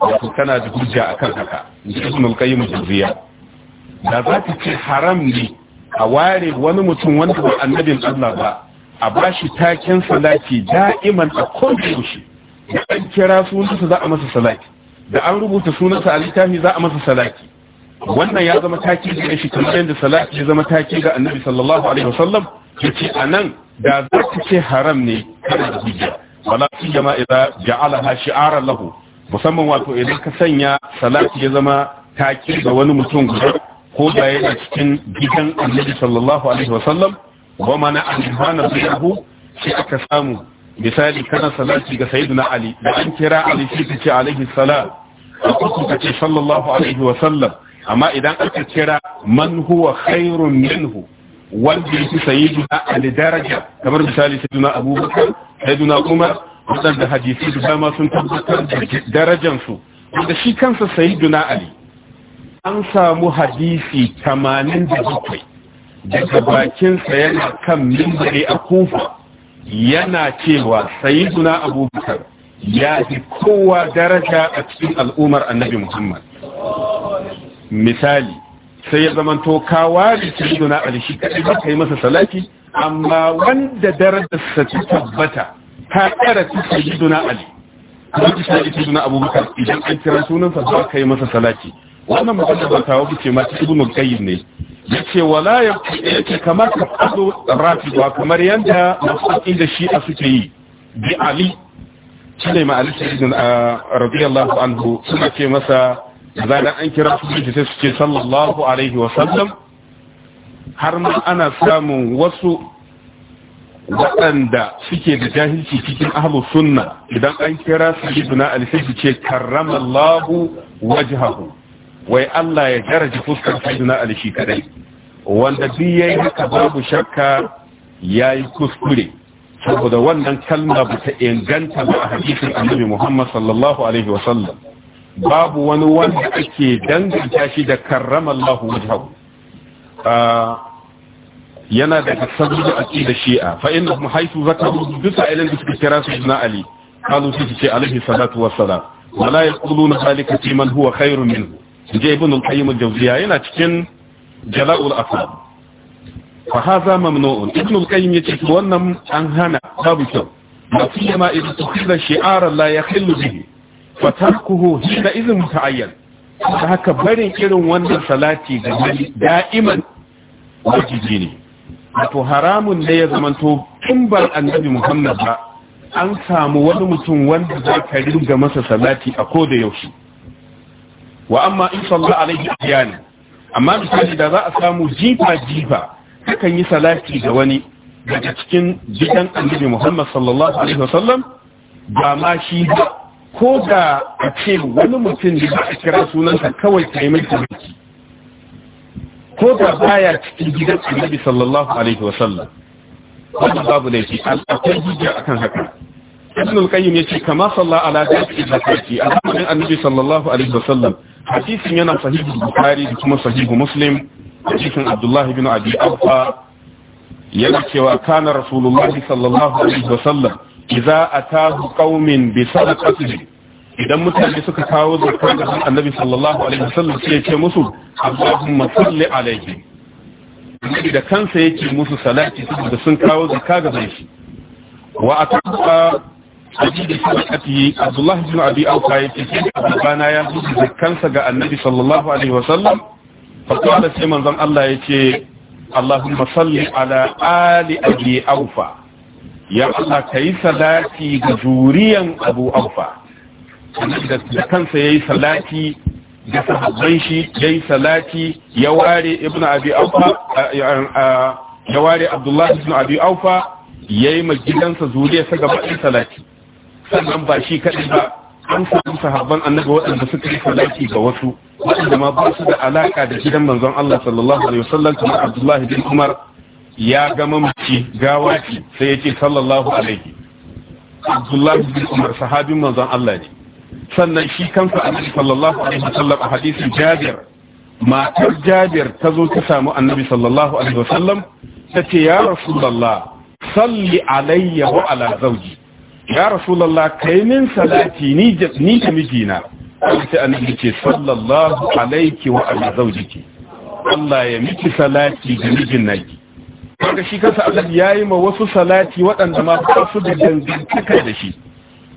wato kana da hujja kan haka ibn al-qayyim al da za ka ce haram ne a ware wani mutum wanda ba annabin Allah ba a bashi taken salati da'iman a kowace yaushe da an kira sunansa za a masa salati da an rubuta sunansa a littafi za a masa salati wannan ya zama taki ga shi kamar yadda salati ya zama taki ga annabi sallallahu alaihi wasallam yace anan da za ku ce haram ne kana da hujja wala siyama idza ja'alaha shi'aran lahu musamman wato idan ka sanya salati ya zama taki ga wani mutum guda ko da yana cikin gidan annabi sallallahu alaihi wa sallam wa mana anhana bihi sai ka samu misali kana salati ga sayyidina ali da an kira ali shi ta ce alaihi salam a kusa ta ce sallallahu alaihi wa sallam amma idan aka kira man huwa khairun minhu wanda ya ci sayyiduna ali daraja kamar misali sayyiduna abubakar sayyiduna umar waɗanda hadisi da dama sun tabbatar da darajansu da shi kansa sayyiduna ali an samu hadisi 87 daga bakin bakinsa yana kan mimbari a kufa yana cewa sayyiduna abubakar ya fi kowa daraja a cikin al'ummar annabi muhammad misali sai ya zama to kawa da cikin ali shi kaɗai ba ka yi masa salaki amma wanda darajarsa ta tabbata ta ƙara ta cikin ali wanda shi ake cikin abubakar idan an kira sunansa ba ka yi masa salaki wannan magana ba kawo ba ce mata ibnu qayyim ne ya ce wala ya yake kamar ka fado rafidwa kamar yadda masu da shi a suke yi bi ali shi ne ma ali ah, radiyallahu anhu suna ce masa da an kira sunanki sai suke sallallahu alaihi wasallam har ma ana samun wasu waɗanda suke da jahilci cikin ahlus sunna idan an kira sayyiduna ali sai su ce karramallahu wajhahu wai Allah ya daraja fuskar sayyiduna ali shi kadai wanda duk yi haka babu shakka ya yi kuskure saboda wannan kalma ba ta inganta ba a hadisin annabi Muhammad sallallahu alaihi wasallam babu wani wanda ake danganta shi da karrama Allah ah, yana daga sabbin aqida shi'a fa innahum suka kira su na ali kalu su ce alaihi salatu wala huwa minhu je ibn al-qayyim al-jawziya yana cikin jala'ul afal fa hadha mamnu'un ibn al-qayyim yace wannan an hana babu kyau ma fi ma idan tukhila shi'ara la bihi fatarkuhu da izin muta'ayyan ta haka barin irin wannan salati ga da'iman wajibi ne wato haramun ne ya zamanto in ban annabi muhammad ba an samu wani mutum wanda zai kari ga masa salati a ko da yaushe wa amma in salla alaihi ahyani amma misali da za a samu jifa jifa kakan yi salati da wani daga cikin gidan annabi muhammad sallallahu alaihi wasallam ba ma shi ba ko da a ce wani mutum da ba a kira sunansa kawai ka yi mai ko da baya cikin gidan annabi sallallahu alaihi wasallam wannan babu laifi akwai hujja akan haka ibn al-qayyim yace kama salla ala dafi zakati a zamanin annabi sallallahu alaihi wa sallam hadisin yana sahihu bukhari da kuma sahihu muslim hadisin abdullah ibn abi abba yana cewa kana rasulullahi sallallahu alaihi wa sallam. idza atahu qaumin bi sadaqatihi idan mutane suka kawo zakka ga annabi sallallahu alaihi wasallam sai ya ce musu allahumma salli alaihi annabi da kansa yake musu salati saboda sun kawo zakka ga zai wa ataqa hadidi sadaqati Abdullahi ibn abi aufa yake ce abana ya zuci zakkansa ga annabi sallallahu alaihi wasallam fa qala sai manzon Allah yace allahumma salli ala ali abi aufa ya Allah ka yi salati ga zuriyan abu aufa da kansa ya yi salati ga sahabban shi ya yi salati ya ware ibn abi aufa ya ware abdullahi ibn abi aufa ya yi magidansa zuriyarsa gaba ɗin salati sannan ba shi kaɗai ba an samu sahabban annaba waɗanda suka yi salati ga wasu waɗanda ma ba su da alaƙa da gidan manzon Allah sallallahu alaihi wasallam kamar Abdullahi bin Umar ya ga mamaci gawa ce sai ya ce sallallahu alaihi abdullahi bin umar sahabin manzon Allah ne sannan shi kansa annabi sallallahu alaihi wasallam a hadisin jabir matar jabir ta zo ta samu annabi sallallahu alaihi wasallam ta ce ya rasulullah salli alayya wa ala zawji ya rasulullah kai min salati ni ni ta mijina sai annabi ce sallallahu alaihi wa ala zawjiki Allah ya miki salati da mijin naki kaga shi kansa Allah ya yi ma wasu salati waɗanda ma ba su da dangantaka da shi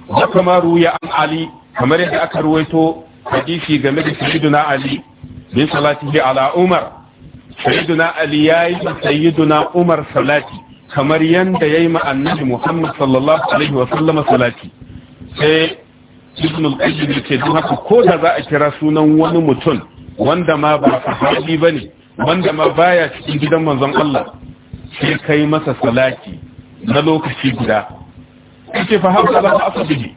haka ma ruya an ali kamar yadda aka ruwaito hadisi game da sayyiduna ali bin salatihi ala umar sayyiduna ali ya yi ma sayyiduna umar salati kamar yadda ya yi ma annabi muhammad sallallahu alaihi wa sallama salati sai ibn al-qayyim ce don haka ko da za a kira sunan wani mutum wanda ma ba sahabi bane wanda ma baya cikin gidan manzon Allah sai kai masa salati na lokaci guda kace fa haka za ta asabi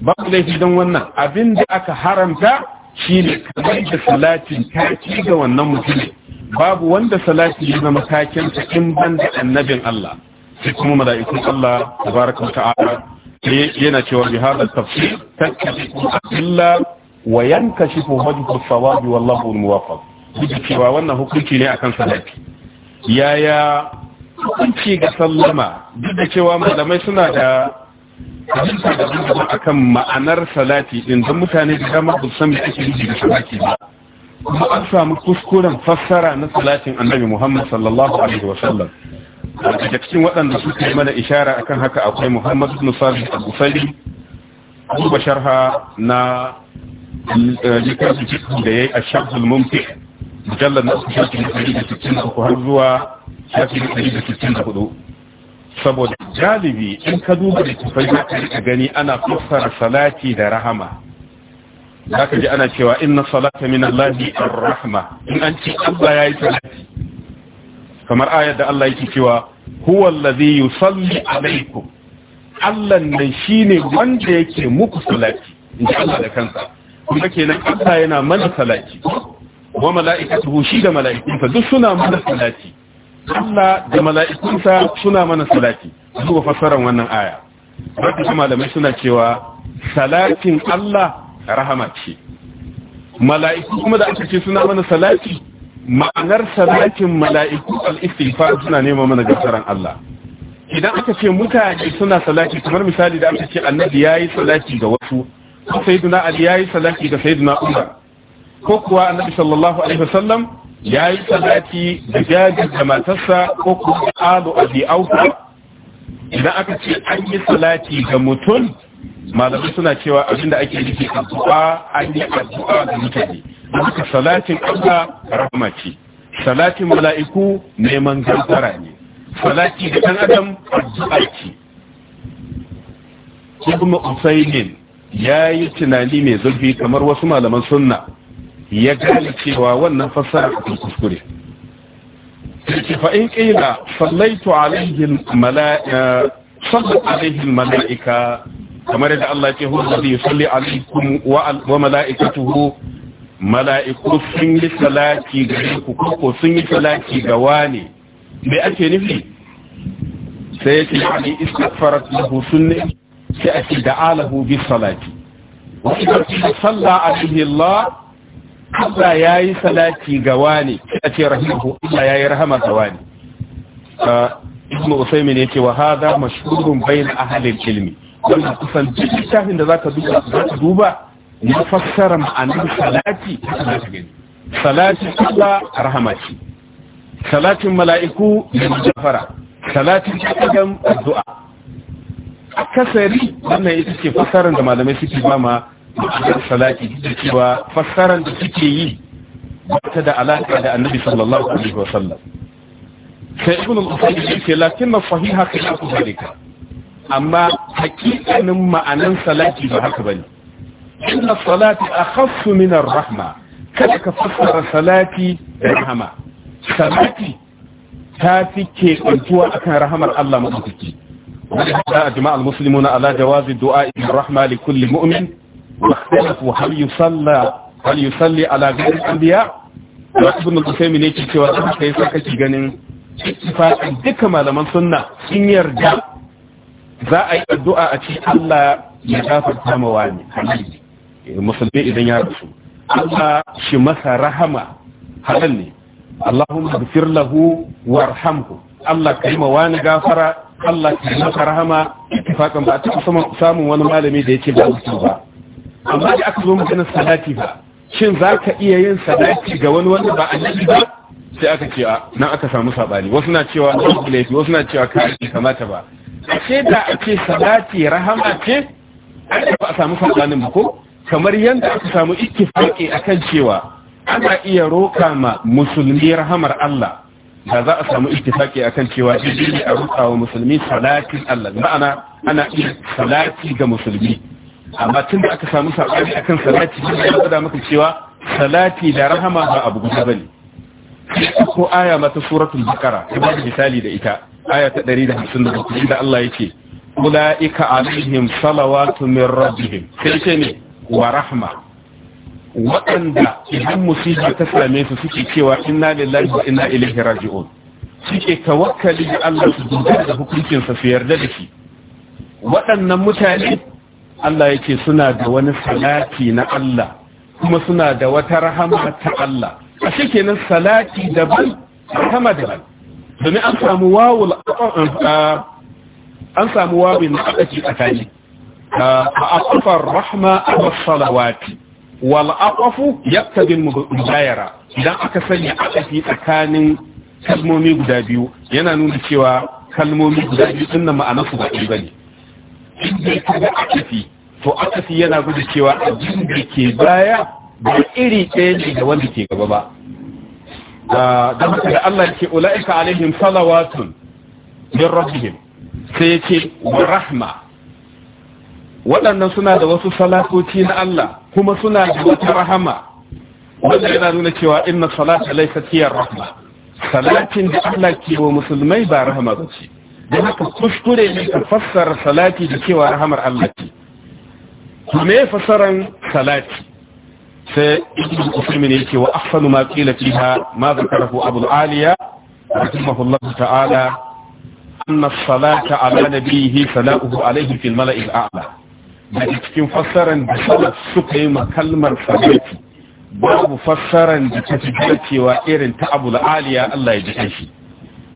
babu laifi don wannan abin da aka haramta shine kamar da salatin ta ci ga wannan mutumin babu wanda salati ya zama takensa in ban da annabin Allah sai kuma mala'ikun Allah tabaraka wa ta'ala yana cewa bi hada tafsir tattabiqu illa wa yankashifu wajhu sawabi wallahu al-muwaffaq duk cewa wannan hukunci ne akan salati yaya hukunci ga sallama duk da cewa malamai suna da fahimta da zuwa kan ma'anar salati din don mutane da dama ba san me ake nufi da salati ba kuma an samu kuskuren fassara na salatin annabi Muhammad sallallahu alaihi wa sallam daga cikin waɗanda suka yi mana ishara akan haka akwai Muhammad ibn Salih al-Busairi duba sharha na eh, littafin da yayi ash-Shabd al-Mumti mujallad na 63 har zuwa shafi da ɗari da sittin da hudu saboda galibi in ka duba da tufai za ka gani ana fassara salati da rahama za ka ji ana cewa inna salata min Allahi ar rahama. in an ce Allah ya yi salati kamar ayar da Allah yake cewa huwa allazi yusalli alaikum Allah nan ne wanda yake muku salati in ji Allah da kansa kuma kenan Allah yana mana salati wa mala'ikatuhu shi da mala'ikunta duk suna mana salati Allah da mala'ikunsa suna mana salati zuwa fassarar wannan aya wadda su malamai suna cewa salatin Allah rahama ce mala'iku kuma da aka ce suna mana salati ma'anar salatin mala'iku al'istighfar suna nema mana gasaran Allah idan aka ce mutane suna salati kamar misali da aka ce annabi yi salati ga wasu ko sayyiduna ali yi salati ga sayyiduna umar ko kuwa annabi sallallahu alaihi wasallam ya yi salati da jajir da matarsa ko kuma alu a bi auka idan aka ce an yi salati ga mutum malamai suna cewa abinda ake nufi zuwa an yi addu'a ga mutane haka salatin kanka rahama ce salatin mala'iku neman gantara ne salati da ɗan adam zuwa ce kuma usainin ya yi tunani mai zurfi kamar wasu malaman sunna ya gane cewa wannan fassara a kuskure fa in qila sallaitu alayhi malaa eh, sallu alayhi malaika kamar yadda Allah ke da yi salli alaykum wa malaikatuhu mala'iku sun yi salaki ga ku ko sun yi salaki ga wani me ake nufi sai yake yani istighfarat lahu sunna sai ake da'alahu bis salati wa idan salla alayhi Allah Allah ya yi salati ga wani a ce rahimahu Allah ya yi rahama ga wani ah, ibn usaimi ne ce wa hada mashhurun bayan ahalin ilmi wannan kusan duk littafin da za ka duba za ka duba ya fassara ma'anar salati salati Allah rahama ce salatin mala'iku da jafara salatin adam addu'a akasari wannan ita ce fassarar da malamai suke ba ma ma'anar salati da cewa fassarar da suke yi ba ta da alaƙa da annabi sallallahu alaihi wasallam sai ibn al-usayyi yake lakin na sahiha ka ya ku zalika amma hakikanin ma'anan salati ba haka bane inna salati akhassu min ar-rahma kada ka fassara salati da rahama salati ta fi ke kwantuwa akan rahamar Allah A madaukaki وقد اجمع المسلمون على جواز الدعاء بالرحمه kulli mumin. واختلفوا هل يصلى هل يصلي على غير الأنبياء وابن القسيم ne ke cewa da kai saka kake ganin ittifaqin duka malaman sunna sun yarda za a yi addu'a a ce Allah ya gafarta ma wani musulmi idan ya rasu Allah shi masa rahama halal ne Allahumma ighfir lahu warhamhu Allah ka yi ma wani gafara Allah ka yi masa rahama ittifaqan ba ta samun wani malami da yake da ba amma da aka zo maganar salati ba shin za ka iya yin salati ga wani wanda ba annabi ba sai aka ce nan aka samu sabani wasu na cewa babu laifi wasu na cewa ka bai kamata ba ce da ake salati rahama ce an ba a samu sabanin ba ko kamar yadda aka samu ittifaqi akan cewa ana iya roka ma musulmi rahamar Allah da za a samu ittifaqi akan cewa idan a roka wa musulmi salatin Allah ma'ana ana iya salati ga musulmi amma tun da aka samu saɓani a kan salati shi ya faɗa maka cewa salati da rahama ba abu guda ba ne ko aya mata suratul bakara ta ba misali da ita aya ta 157 inda Allah yake ulaika alaihim salawatu min rabbihim sai ce ne wa rahma waɗanda idan musiba ta same su suke cewa inna lillahi wa inna ilaihi raji'un suke tawakkali da Allah su dogara da hukuncinsa su yarda da shi waɗannan mutane Allah yake suna da wani salati na Allah kuma suna da wata rahama ta Allah a kenan salati daban rahama daban domin an samu wawul an samu wawin akaki tsakani a aqfar rahma ala salawati wal aqfu yaktabi mujayara idan aka sanya akaki tsakanin kalmomi guda biyu yana nuna cewa kalmomi guda biyu din na ma'anarsu ba ne. inda ka ga akasi to akasi yana gudu cewa abin da ke baya ba iri ɗaya ne da wanda ke gaba ba don haka da Allah ke ula'ika alaihim salawatun min rabbihim sai yake wa rahma waɗannan suna da wasu salatoci na Allah kuma suna da wata rahama wanda yana nuna cewa inna salata laysat hiya rahma salatin da Allah ke wa musulmai ba rahama bace da haka kuskure ne ka fassara salati da cewa rahamar Allah ce to me fassaran salati sai ibn usaymin yake wa ahsanu ma qila fiha ma zakarahu abu aliya rahimahullahu ta'ala anna salata ala nabiyhi salahu alayhi fil mala'i al'a da cikin fassaran da salaf suka yi makalmar salati babu fassaran da ta fi cewa irin ta abu aliya Allah ya ji shi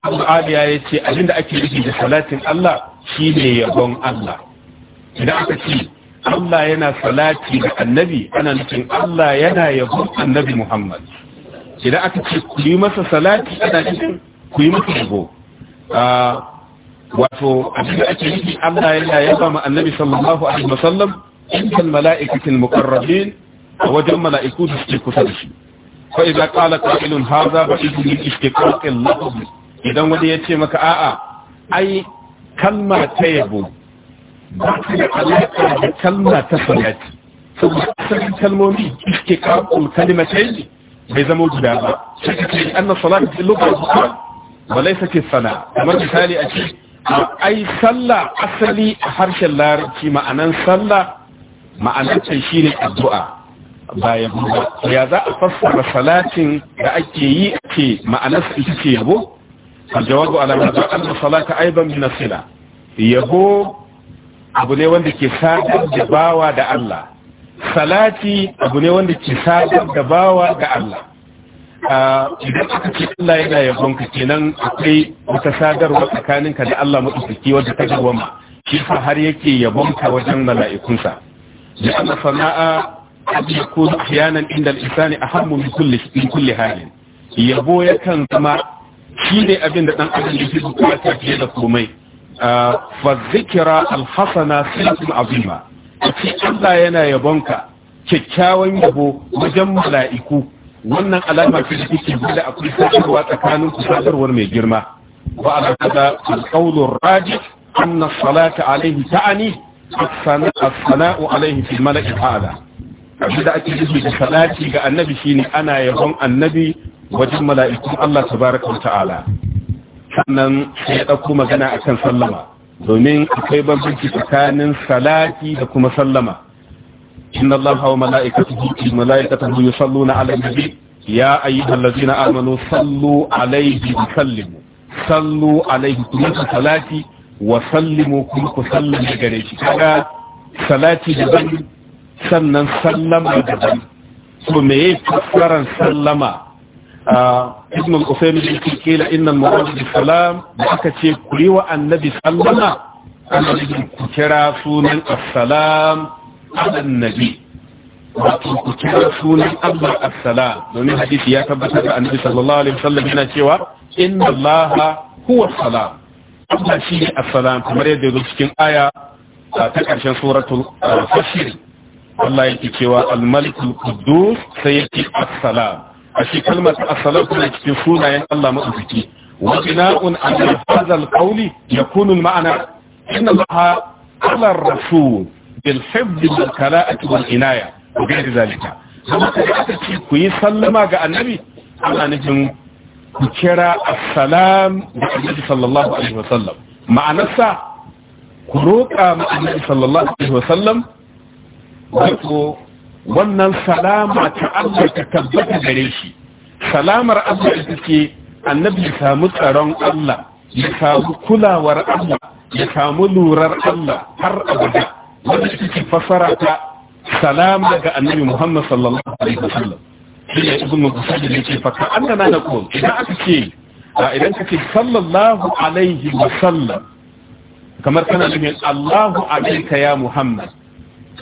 abu-abiya ya ce abinda ake nufi da salatin Allah shi ne yabon Allah idan aka ce Allah yana salati ga annabi ana nufin Allah yana yabon annabi Muhammad idan aka ce ku yi masa salati ana nufin ku yi masa yabo ah, wato abinda ake nufi Allah yana yaba ma annabi sallallahu alaihi wasallam inda mala'ikatin muqarrabin a wajen mala'iku da suke kusa da shi fa idza qala qa'ilun hadha fa idza min istiqaqil lafzi idan wani ya ce maka a'a ai kalma ta yabo ba ta da alaƙa da kalma ta salati saboda asalin kalmomi ke kakul kalimatai bai zama guda ba sai ka ce anna salati fil lugha al-qur'an wa laysa fi sana kamar misali a ce ai sallah asali a harshen larabci ma'anan sallah ma'anar ta shine addu'a ba yabo ba ya za a fassara salatin da ake yi ake ma'anar ita ce yabo aljawabu ala mata anna salata aidan min as-sila yabo abu ne wanda ke sadar da bawa da Allah salati abu ne wanda ke sadar da bawa Allah idan aka ce Allah yana yabon ka kenan akwai wata sadarwa tsakaninka da Allah madaukaki wanda ta ma shi fa har yake yabon ka wajen mala'ikunsa da Allah sana'a قد يكون احيانا عند الانسان a من كل من كل حال يبو يكن shi ne abin da ɗan adam yake bukata fiye da komai fa zikira alhasana silatun azima ce Allah yana yabonka kyakkyawan yabo wajen mala'iku wannan alama ce da take bude akwai sadarwa tsakanin ku sadarwar mai girma wa ala kada alqawlu rajih anna salata alayhi ta'ani as-sana'u alayhi fi mala'i hada abin da ake yi da salati ga annabi shine ana yabon annabi wajen mala'ikun Allah Ta baraka wa ta'ala sannan sai ya ɗauko magana akan sallama domin akwai bambanci tsakanin salati da kuma sallama inna allaha wa mala'ikatuhu mala'ikatuhu sallu na nabi ya na amanu sallu 'alayhi wa sallimu sallu 'alayhi kuma salati wa sallimu kuma ku da gare shi kaga salati daban sannan sallama daban so me fassaran sallama ibn al-usaymi yake kila innal mu'azzin salam da aka ce kuri wa annabi sallama annabi ku kira sunan assalam annabi wato ku kira sunan Allah assalam domin hadisi ya tabbatar da annabi sallallahu alaihi wasallam yana cewa inna allaha huwa salam Allah shi ne assalam kamar yadda ya zo cikin aya ta karshen suratul fashir Allah yake cewa al-malikul quddus sai yake assalam a shi kalmar as-salatu na cikin sunayen Allah madaukaki wa bina'un ala hadha al-qawli yakunu al-ma'na inna Allah ala ar rasu bil hifd bil qala'ati wal inaya wa ghairi zalika kuma aka ce ku yi sallama ga annabi ana nufin ku kira assalam da annabi sallallahu alaihi wa sallam wasallam sa ku roƙa ma annabi sallallahu alaihi wa wasallam wato wannan salama ta Allah ta tabbata gare shi salamar Allah ita ce annabi ya samu tsaron Allah ya samu kulawar Allah ya samu lurar Allah har abada wanda ce fasara ta salama daga annabi Muhammad sallallahu alaihi wasallam sai ya ibn Musaddid yake faka annana na ko idan aka ce idan kake sallallahu alaihi wasallam kamar kana nufin Allahu alayka ya Muhammad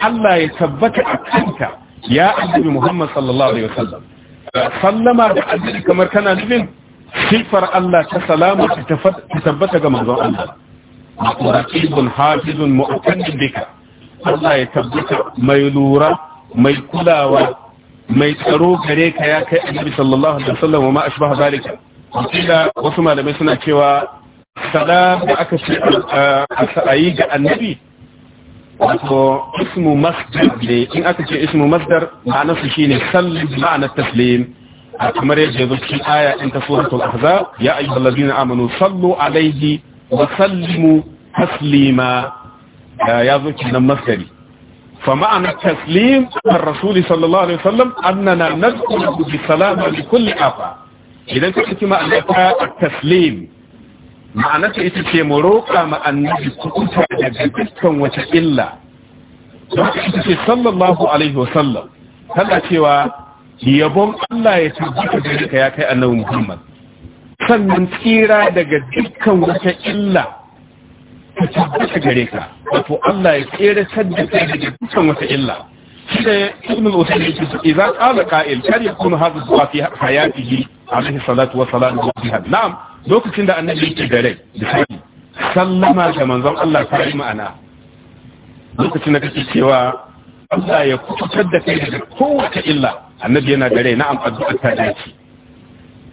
Allah ya tabbata a kanta ya addini Muhammad sallallahu alaihi wasallam sallama da addini kamar kana nufin siffar Allah ta salama ta tabbata ga manzon Allah raqibun hafizun mu'tadin bika Allah ya tabbata mai lura mai kulawa mai tsaro gare ka ya kai annabi sallallahu alaihi wasallam wa ma ashbaha zalika kila wasu malamai suna cewa salam da aka ce a sa'ayi ga annabi اسم مصدر ان اتجي اسم مصدر معنى سكين سل معنى التسليم اتمرى جذب في آية انت سورة الأحزاب يا أيها الذين آمنوا صلوا عليه وسلموا تسليما يا ذكي المصدر فمعنى التسليم الرسول صلى الله عليه وسلم أننا ندعو بسلامة لكل أفا إذا كنت كما التسليم ma'anarsa ita ce mu roƙa ma annabi kuɓuta daga dukkan wata illa don ita ce sallallahu alaihi wasallam tana cewa yabon Allah ya tabbata da ka ya kai annabi Muhammad sannan tsira daga dukkan wata illa ta tabbata gare ka wato Allah ya tsere sadda kai daga dukkan wata illa shi da ibn al-usayd yake so idan qala qa'il kar yakun hadha fi hayatihi alaihi salatu wa salam na'am lokacin da annabi yake da rai da hali sallama ga manzon Allah ta yi ma'ana lokacin da kake cewa Allah ya kutar da kai daga kowace illa annabi yana da rai na addu'a ta dace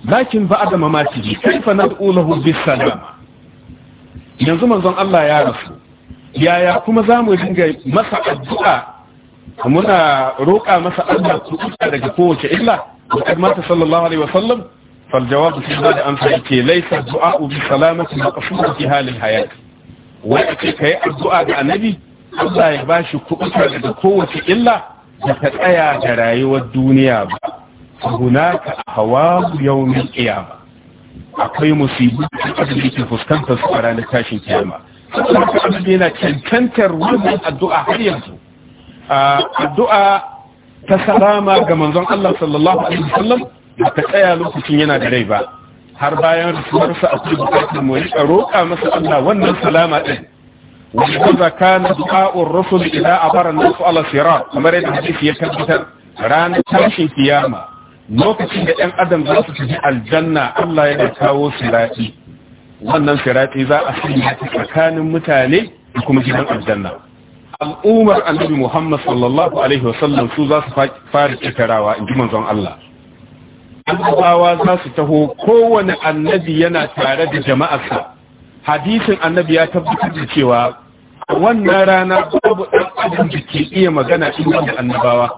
lakin ba da mamaki kaifa nad'u lahu bisalam yanzu manzon Allah ya rasu yaya kuma za mu dinga masa addu'a muna roƙa masa Allah ku kuta daga kowace illa da mata sallallahu alaihi sallam. فالجواب في هذا أنفعك ليس الدعاء بسلامة مقصودة في هذه الحياة وإذا كي الدعاء النبي الله يباشي كؤسر بقوة إلا تتأيى جرائي والدنيا فهناك أهواب يوم القيامة akwai musibu da ke fuskantar su a ranar tashin kiyama kuma abin yana cancantar wannan addu'a har yanzu addu'a ta salama ga manzon Allah sallallahu alaihi wasallam ba ta tsaya lokacin yana da rai ba har bayan rasuwarsa a kudu bukatar mu rika roƙa masa Allah wannan salama ɗin wani kaza kana du'a'ur rasul ila abara su ala sirat kamar yadda hadisi ya tabbatar ranar tashin kiyama lokacin da ƴan adam za su tafi aljanna Allah ya kawo sirati wannan sirati za a sanya tsakanin mutane da kuma gidan aljanna al'ummar annabi Muhammad sallallahu alaihi wasallam su za su fara kitarawa in ji manzon Allah annabawa za su taho kowane annabi yana tare da jama'arsa hadisin annabi ya tabbatar da cewa wannan rana babu ɗan da ke iya magana in wanda annabawa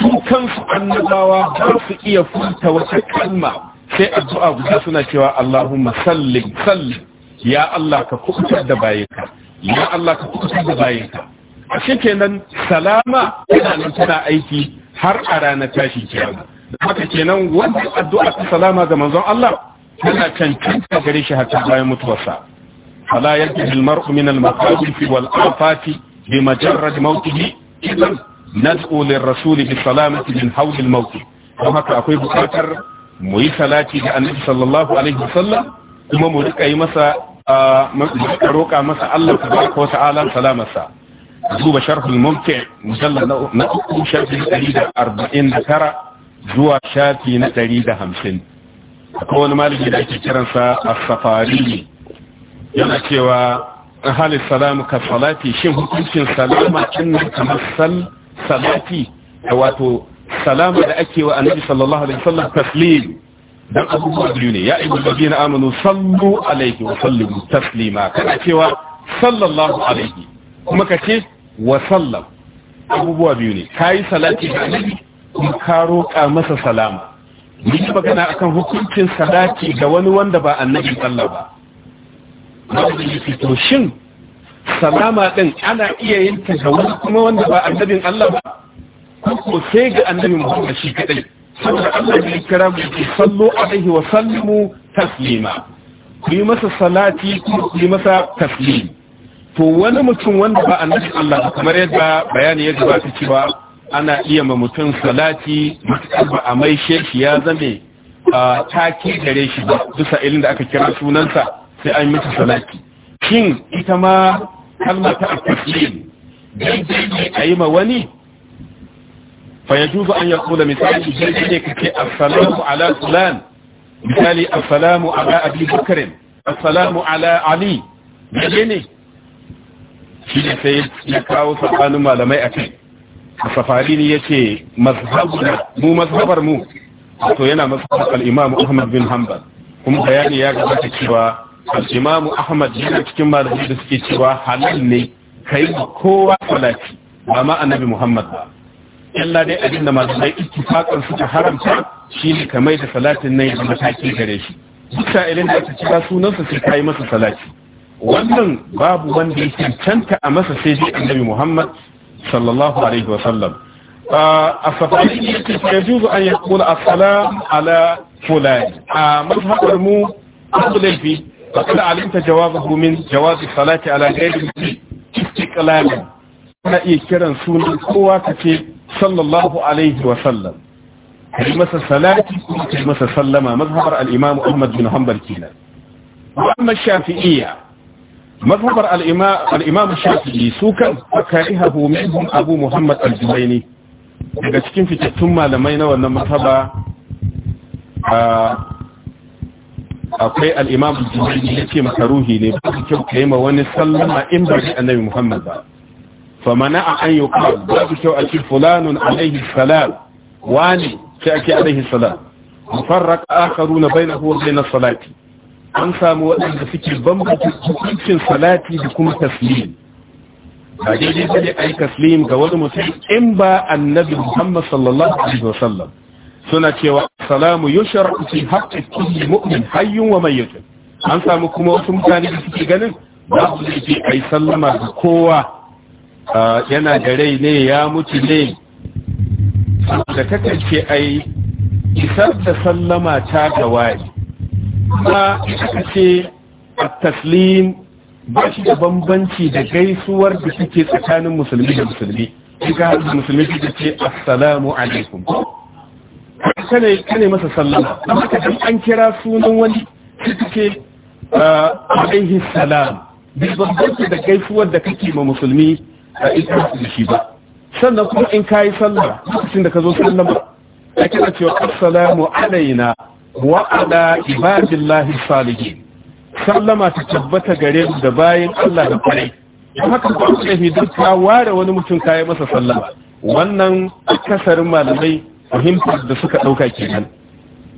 su kansu annabawa ba su iya furta wata kalma sai addu'a guda suna cewa Allahumma sallim sallim ya Allah ka kubutar da bayanka ya Allah ka kubutar da bayanka a kenan salama yana nan tana aiki har a ranar tashi kiyama haka kenan wanda addu'a ta salama ga manzon Allah tana cancanta gare shi hatta bayan mutuwarsa fala yaltahi almar'u min almaqabir wal afati bi majarrad mawtihi idan nad'u lirrasul bi salamati min hawl almawt don haka akwai bukatar mu yi salati ga annabi sallallahu alaihi wasallam kuma mu rika yi masa roƙa masa Allah tabaraka wa ta'ala salamarsa duba sharh al-mumti' mujallad na 349 zuwa shafi na ɗari da hamsin akwai wani maliki da ake kiransa a safari yana cewa halin salamu ka salati shin hukuncin salama cin nan kamar salati da wato salama da ake wa annabi sallallahu alaihi wasallam taslim dan abubuwa biyu ne ya ayyuhal ladina amanu sallu alaihi wa sallimu taslima kana cewa sallallahu alaihi kuma kace wa sallam abubuwa biyu ne kai salati ga annabi kuma ka roƙa masa salama Ni yi magana akan hukuncin sadaki ga wani wanda ba annabi Allah ba wanda yake to shin salama din ana iya yin ta ga wani kuma wanda ba annabin Allah ba ko sai ga annabi Muhammad shi kadai saboda Allah ya kira mu ki sallu alaihi wa sallimu taslima ku yi masa salati ku yi masa taslim to wani mutum wanda ba annabin Allah kamar yadda bayani ya gabata cewa ana iya ma mutum salati ba a mai sheki ya zame a taki gare shi ba dusa ilin da aka kira sunansa sai an mutu salati shin ita ma kalmar ta taslim a yi ma wani fa ya juzu an yako da misali daidai ne kake assalamu ala fulan misali assalamu ala abi bukarin assalamu ala ali daidai ne shi ne sai ya kawo tsakanin malamai a kai safari ya ce mu mazhabar mu to yana mazhabar al'imamu ahmad bin hanbal kuma bayani ya gabata cewa al'imamu ahmad yana cikin malamai da suke cewa halal ne kai kowa salati ba ma annabi muhammad ba Yalla dai abin da malamai ittifaqan suka haramta shine kamar da salatin nan ya mataki gare shi duk sa'ilin da aka kira sunansa sai kai masa salati wannan babu wanda ya cancanta a masa sai dai annabi muhammad sallallahu alaihi wasallam uh, a safari ya juzu an ya kula assalam ala fulani a mazhabar mu abu laifi ba kada alimta jawabahu min jawabi salati ala gairin istiqlalan Na iya kiran sunan kowa kace sallallahu alaihi wasallam kai masa salati kuma kai masa sallama mazhabar al-imam Ahmad bin Hanbal kenan wa amma Shafi'iyya mazhabar al'imam shafi'i su kan karihahu minhum abu muhammad al-jumaini daga cikin fitattun malamai na wannan mazhaba akwai al'imam al-jumaini ya ce makaruhi ne ba su kyau ka yi ma wani sallama in ba shi annabi muhammad ba fa mana a an yi kawo ba su kyau a ce fulanun alaihi salam wani sai ake alaihi salam mufarraq akharuna bainahu wa na salati an samu waɗanda suke bambanta hukuncin salati da kuma taslim ba daidai ba ne ai taslim ga wani mutum in ba annabi muhammad sallallahu alaihi wa sallam suna cewa salamu yushar fi haqqi kulli mu'min hayyun wa mayyitun an samu kuma wasu mutane da suke ganin babu laifi ai sallama ga kowa yana da rai ne ya mutu ne da kakance ai isar da sallama ta gawayi ba aka ce a taslim ba shi da bambanci da gaisuwar da suke tsakanin musulmi da musulmi in ka haɗu musulmi da ce assalamu alaikum Ka ne masa sallama amma ka dan an kira sunan wani suke alaihi salam bai bambanci da gaisuwar da kake ma musulmi a ita da shi ba sannan kuma in kayi sallah lokacin da ka zo sallama ya kira cewa assalamu alaina wa'ada ibadillahi salihin sallama ta tabbata gare da bayan Allah da kwarai haka ba su ɗafi duk ta ware wani mutum kayan masa sallama wannan akasarin malamai fahimtar da suka ɗauka kenan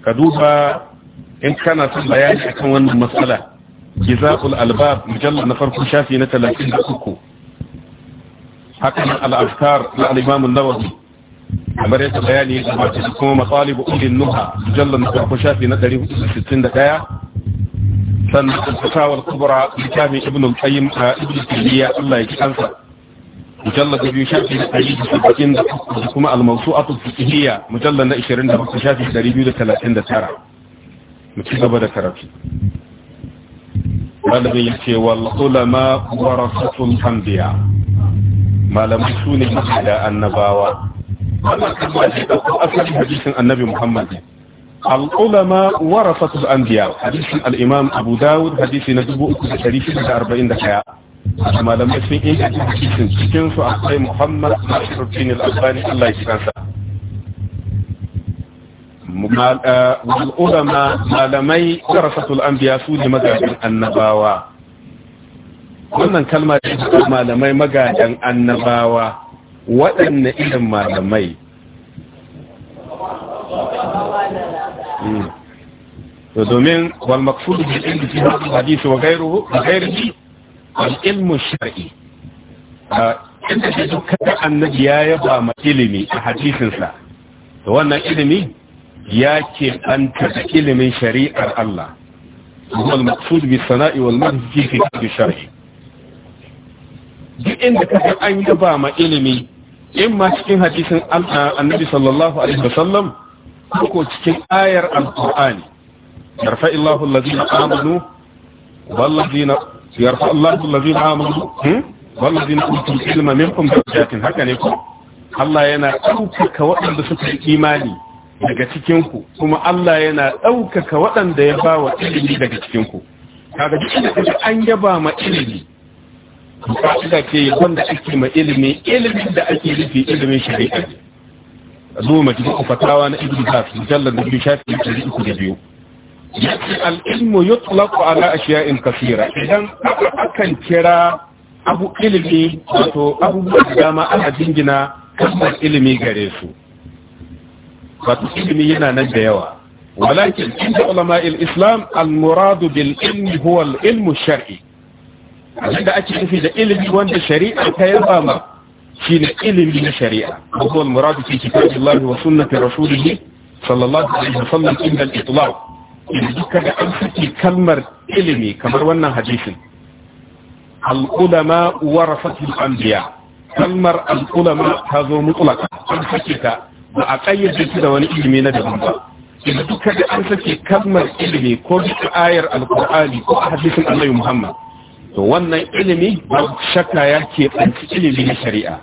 ka duba in kana son bayani akan wannan matsala gizaul albab mujallar na farko shafi na talatin da uku hakan al-afkar al-imam an-nawawi kamar yadda bayani ya gabata su kuma matsalibu ulin nuha mujallar na farko shafi na 461 sannan al-fatawar kubra littafin ibn al-qayyim a ibn tayyiya Allah ya kansa mujallar biyu shafi na 173 da kuma al-mawsu'atu fiqhiyya mujallar na 27 shafi 239 mu ci gaba da karatu ɗalibin ya ce wal ulama warasatul anbiya malamai su ne da annabawa asalin hadisin annabi muhammad al'ulama wara fatul anbiya hadisin al'imam abu dawud hadisi na 341 malamai sun inda hadisin cikin su akwai muhammad masarufin al'abani allah ya kansa eh, al'ulama malamai wara fatul anbiya su ne magajin annabawa wannan kalmar malamai magajin annabawa waɗanne irin malamai hmm. to domin wal maqsudu bil ilmi fi hadhihi hadith wa ghayruhu wa ghayrihi al ilmu shar'i inda da dukkan annabi ya yaba ma ilimi a sa to wannan ilimi ya ke an da ilimin shari'ar Allah wal maqsud bi sana'i wal manhi fi shar'i duk inda ka ga an yaba ma ilimi in ma cikin hadisin annabi sallallahu alaihi wasallam ko cikin ayar alqur'ani yarfa illahu allazina amanu wallazina yarfa allahu allazina amanu hmm? wallazina utul ilma minkum darajatin haka ne ko Allah yana ɗaukaka waɗanda suka yi imani daga cikinku kuma Allah yana ɗaukaka waɗanda ya ba wa ilimi daga cikinku kaga duk da an yaba ma ilimi ka'ida ce wanda ake ma ilimi ilimin da ake nufi ilimin shari'a zo mace ko fatawa na ibnu zaf mujallal da shafi 302 yace al-ilmu yutlaqu ala ashiya'in kaseera idan akan kira abu ilimi wato abu dama ana jingina kalmar ilimi gare su wato ilimi yana nan da yawa walakin inda ulama'il islam al-muradu bil ilmi huwa ilmu shar'i abinda ake nufi da ilimi wanda shari'a ta yaba ma shine ilimi na shari'a hukumar muradu fi kitabillahi wa sunnati rasulihi sallallahu alaihi wa wasallam inda al-itlaq duka da an saki kalmar ilimi kamar wannan hadisin al-ulama warasatul anbiya kalmar al'ulama ta zo mutlaka an saki ta ba a kayyade da wani ilimi na daban ba duka da an saki kalmar ilimi ko duka ayar al-qur'ani ko hadisin annabi muhammad to wannan ilimi ba shakka ya ke ɓanci ilimi na shari'a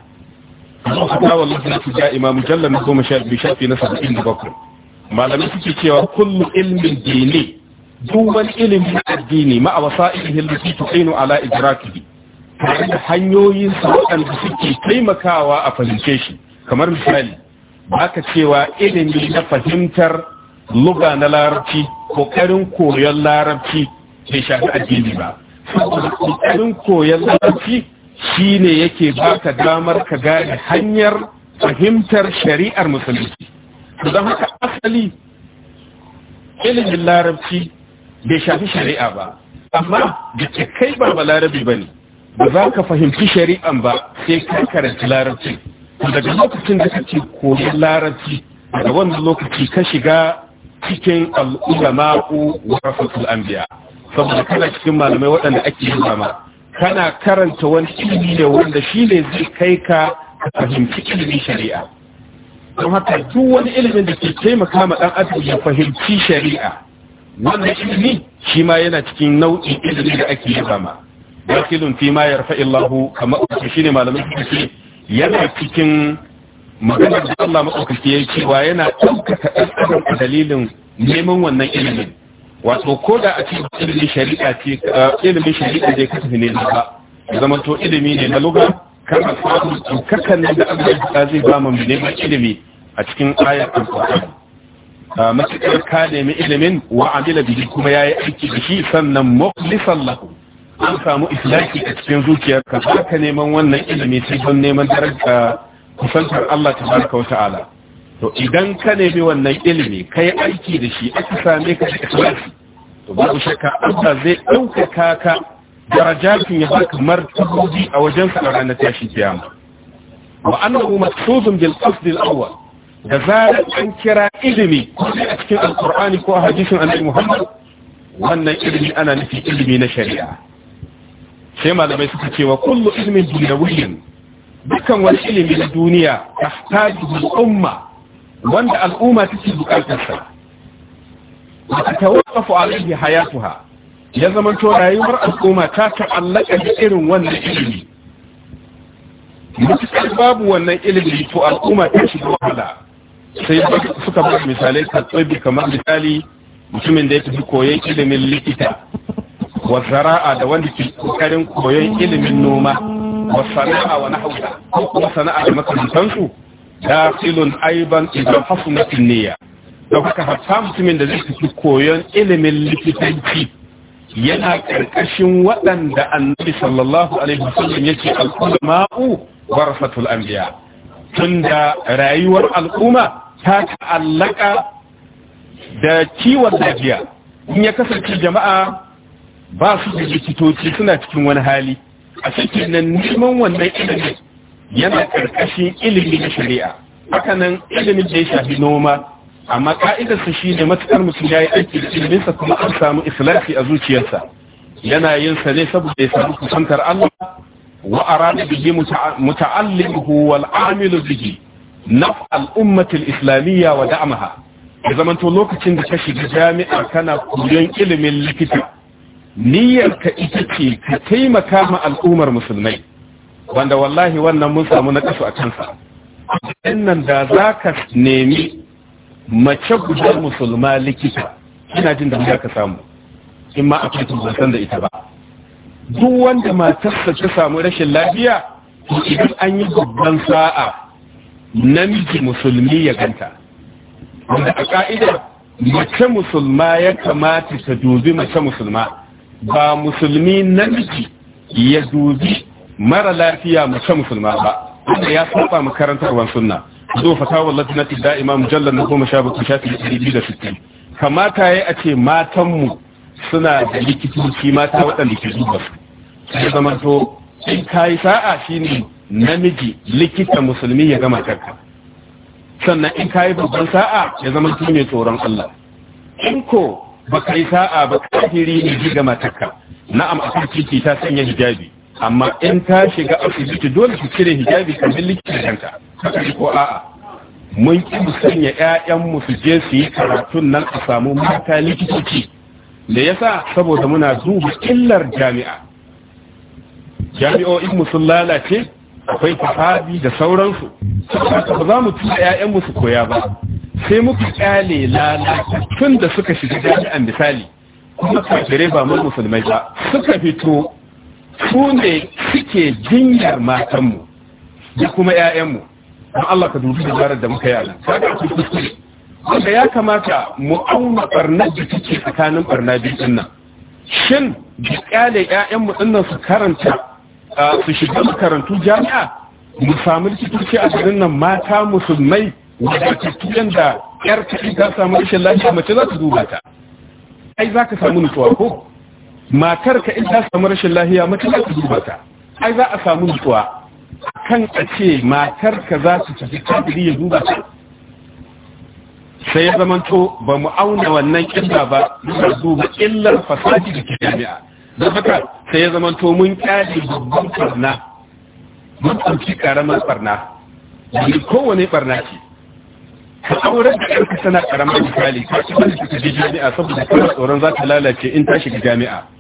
zo fata wa lafi ja imam jallar na goma shafi shafi na saba'in da bakwai suke cewa kullum ilimin dini duban ilimin addini ma'a wasa ilimin lafi tukainu ala idrakihi tare da hanyoyin sa waɗanda suke taimakawa a fahimce shi kamar misali baka cewa ilimi na fahimtar luga na larabci kokarin koyon larabci bai shafi addini ba saboda koyar koyon shi ne yake baka damar ka gane hanyar fahimtar shari'ar musulunci don haka asali ilimin larabci bai shafi shari'a ba amma da ke kai ba ba larabi ba ne ba za ka fahimci shari'an ba sai ka karanci larabci daga lokacin da kake koyon larabci daga wannan lokaci ka shiga cikin ko wa rafatul anbiya saboda kana cikin malamai waɗanda ake yi kana karanta wani ilimi ne wanda shi ne zai kai ka fahimci ilimin shari'a don haka duk wani ilimin da ke taimaka ma ɗan adam ya fahimci shari'a wannan ilimi shi ma yana cikin nau'in ilimi da ake yi ma wakilun fi ma yarfa illahu kama uku shi ne malamin suke yana cikin maganar da Allah maɗaukaki ya yi cewa yana ɗaukaka ɗan adam a dalilin neman wannan ilimin wato ko da a cikin ilimin shari'a ce ilimin shari'a zai kasance ne ba zama to ilimi ne na lugha kana samun cikakken da Allah ya zai ba mu neman ilimi a cikin ayatul Qur'an matakar ka nemi ilimin wa amila bihi kuma yayi aiki da shi sannan mukhlisan lahu an samu islaki a cikin zuciyarka ba ka neman wannan ilimi sai don neman daraja kusantar Allah tabaraka wa ta'ala to idan ka nemi wannan ilimi kai aiki da shi aka same ka da ikhlasi to babu shakka Allah zai ɗaukaka kaka darajatin ya baka martabobi a wajen sa a ranar tashi kiyama wa annahu maqsudun bil qasd al awwal da zarar an kira ilimi a cikin alqur'ani ko hadisin annabi Muhammad wannan ilimi ana nufi ilimi na shari'a sai malamai suka ce wa kullu ilmin dunyawiyin dukkan wani ilimi na duniya tahtaji al umma wanda al'umma take bukatarsa ta tawaqqafu alayhi hayatuha ya zama to rayuwar al'umma ta ta'allaka da irin wannan ilimi mutukar babu wannan ilimi to al'umma ta shiga wahala sai suka ba misalai katsobi kamar misali mutumin da ya tafi koyon ilimin likita wa zara'a da wanda ke kokarin koyon ilimin noma wa sana'a wa hausa, ko kuma sana'a da makamantansu dakhilun aiban idan hasunat niyya da kuka hatta mutumin da zai fi koyon ilimin likitanci yana karkashin waɗanda annabi sallallahu alaihi wasallam yake al'umma'u warasatul anbiya tunda rayuwar al'umma ta ta'allaka da kiwon lafiya in ya kasance jama'a ba su da likitoci suna cikin wani hali a cikin nan neman wannan ilimin yana karkashin ilimi na shari'a hakanan ilimin da ya shafi noma amma ka'idarsa shi ne matukar mutum ya yi aiki da iliminsa kuma an samu islasi a zuciyarsa yana yin sa ne saboda ya samu kusantar Allah wa arada bihi muta'allimuhu wal amilu bihi naf al ummati al islamiyya wa da'amaha ya zamanto lokacin da ka shiga jami'a kana koyon ilimin likita ka ita ce ka taimaka ma al'ummar musulmai wanda wallahi wannan mun samu na kasu a kansa nan da za ka nemi mace guda musulma likita ina jin da mu ka samu in ma akwai tumbasan da ita ba duk wanda matarsa ta samu rashin lafiya idan an yi babban sa'a namiji musulmi ya ganta wanda a ƙa'idar mace musulma ya kamata ta dubi mace musulma ba musulmi namiji ya dubi mara lafiya mace musulma ba wanda ya saba makarantarwar sunna zo fatawar latinati da'ima mujallar na goma sha bakwai shafi ɗari biyu da sittin kamata ya a ce matanmu suna da likitoci mata waɗanda ke duba su sai zama to in ka yi sa'a shi ne namiji likita musulmi ya gama karka sannan in ka yi babban sa'a ya zama shi mai tsoron Allah in ko ba ka yi sa'a ba kafiri ne ji gama karka na'am akan ciki ta sanya hijabi amma in ta shiga asibiti dole su cire hijabi kamar likitanta ko a'a mun ki mu sanya mu su je su yi karatun nan a samu mata likitoci da yasa saboda muna duba illar jami'a jami'o'in mu sun lalace akwai fasabi da sauransu ba za mu tura mu su koya ba sai muka kyale tun da suka shiga jami'an misali kuma kafirai ba mu musulmai ba suka fito su ne suke jinyar matanmu da kuma 'ya'yanmu don Allah ka dubi jarar da muka yi ta ga wanda ya kamata mu auna barna da tsakanin barna biyu din nan shin da kyale 'ya'yanmu din nan su karanta su shiga makarantu jami'a mu samu likitoci a garin nan mata musulmai wadatattu yanda yar ta ta samu rashin lafiya mace za ta duba ta ai za ka samu nutsuwa ko matar ka in ta samu rashin lahiya za ta duba ta ai za a samu nutsuwa kan a ce matar ka za su tafi kafiri ya duba ta sai ya zamanto ba mu auna wannan illa ba duka duba illar fasadi da ke jami'a don haka sai ya zamanto mun kyale babban barna mun ɗauki ƙaramar barna wani kowane barna ce ka auren da ƙarfi tana ƙaramar misali ka ci wani ta jami'a saboda kuma tsoron za ta lalace in ta shiga jami'a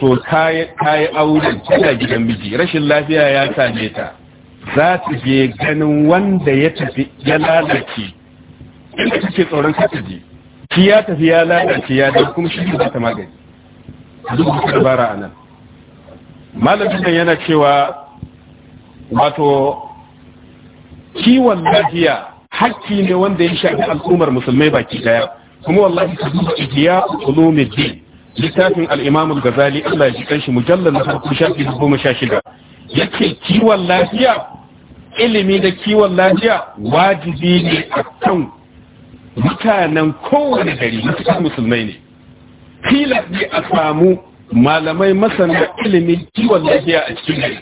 to ta yi auren tana gidan miji rashin lafiya ya same ta za ta je ganin wanda ya tafi ya lalace inda take tsoron kasa je shi ya tafi ya lalace ya da kuma shi ne ta magani duk da dabara a nan malamin nan yana cewa wato kiwon lafiya hakki ne wanda ya shafi al'ummar musulmai baki daya kuma wallahi ka duba ijiya ulumuddin littafin al Gazali, Allah ya ji shi mujallar na farko shafi Ya yake kiwon lafiya ilimi da kiwon lafiya wajibi ne a kan mutanen kowane gari mutanen musulmai ne tilas ne a samu malamai masana ilimin kiwon lafiya a cikin gari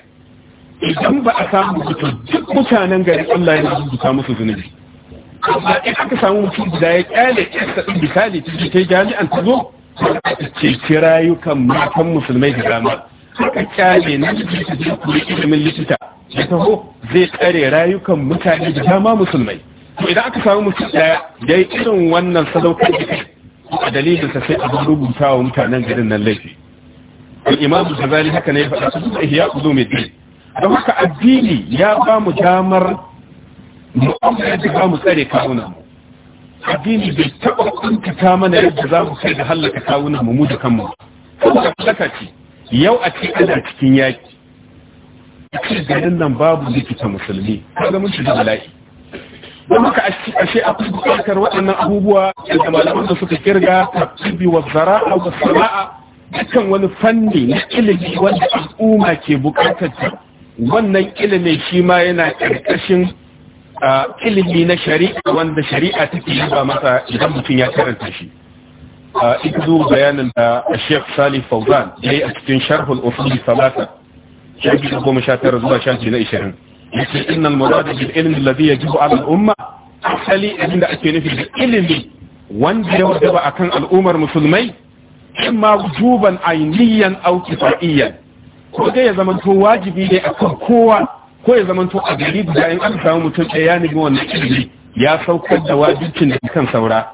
idan ba a samu mutum duk mutanen gari Allah ya rubuta musu zunubi amma in aka samu mutum guda ya kyale ya saɗin misali ta jami'an ta zo aka ceci rayukan matan musulmai da dama aka kyale na likita da kuma ilimin likita ya taho zai tsare rayukan mutane da dama musulmai to idan aka samu mutum daya da ya irin wannan sadaukar da a dalilin sa sai abin rubuta wa mutanen garin nan laifi don imamu gazali haka ne ya faɗa su duka ihya mai din don haka addini ya ba mu damar mu amma ya ba mu tsare kawunan mu addini bai taɓa kuntata mana yadda za mu kai da hallaka kawunan mu da kanmu hallaka ce yau a ce ana cikin yaki a ce garin nan babu likita musulmi kaga mun shiga bala'i don haka ashe a fuskantar waɗannan abubuwa da malaman da suka kirga tabbi wa zara'a wa sama'a. dukkan wani fanni na ilimi wanda al'umma ke bukatar wannan ilimin shi ma yana ƙarƙashin ilimi na shari'a wanda shari'a take yi ba masa idan mutum ya karanta shi a zo bayanin da Sheikh Salih Fawzan ya yi a cikin sharhul usuli salata shafi da goma sha tara zuwa shafi na ishirin yake innal murada bil ilmi alladhi yajibu ala al umma asali da ake nufi da ilimi wanda ya a akan al'ummar musulmai ma wujuban ainiyan aw kifaiyan ko dai ya zama to wajibi ne akan kowa ko ya zama to a gari guda an samu mutum ɗaya ya nemi wannan ilimi ya saukar da wajibcin da kan saura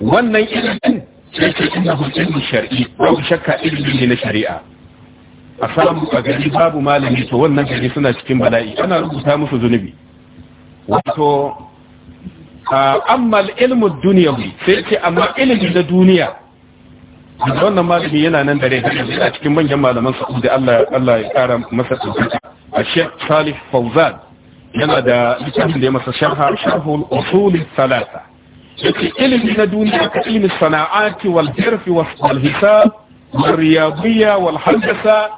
wannan ilimin sai ce ina hukumin shari'i babu shakka ilimi ne na shari'a a samu a gari babu malami to wannan gari suna cikin bala'i ana rubuta musu zunubi wato amma ilmu duniyawi sai ce amma ilimi na duniya wannan malami yana nan da rai a cikin manyan malaman sa'ud Allah Allah ya kara masa tsaka a Sheikh Salih Fawzan yana da littafin da ya masa sharha sharhul usul thalatha yace ilimi na duniya ka ilmi sana'ati wal jarf wal hisab wal riyadiyya wal hadasa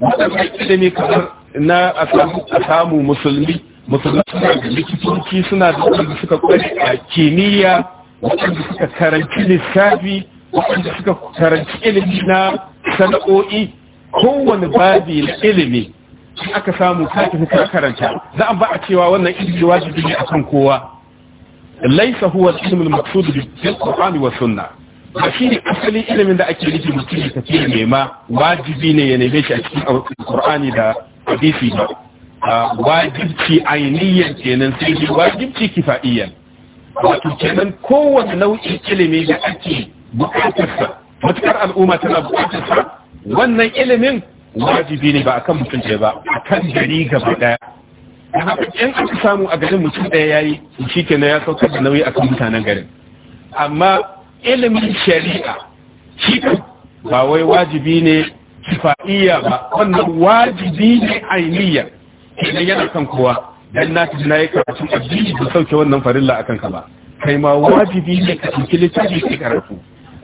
wadanda ilimi kamar na asamu musulmi musulmi suna da likitoci suna da suka kwari a kimiyya wadanda suka karanci lissafi waɗanda suka karanci ilimi na sana'o'i kowane babi na ilimi in aka samu kafin ka karanta za a ba a cewa wannan ilimi wajibi ne akan kowa laisa huwa ilimin ilm al-maqsud wa sunna ba shi ne asalin ilimin da ake nufi mutum ya tafi nema wajibi ne ya neme shi a cikin Kur'ani da hadisi ba wajibci ainihin kenan sai dai wajibci kifaiyan wato kenan kowane nau'in ilimi da ake buƙatarsa matuƙar al'umma tana buƙatarsa wannan ilimin wajibi ne ba a kan mutum ɗaya ba a kan gari gaba ɗaya in aka samu a garin mutum ɗaya ya yayi shi ke ya saukar da nauyi kan mutanen garin amma ilimin shari'a shi ba wai wajibi ne kifa'iyya ba wannan wajibi ne ainiya idan yana kan kowa dan na ji na yi karatu, biyu ba sauke wannan farilla kan ka ba kai ma wajibi ne ka ɗauki littafi ka karatu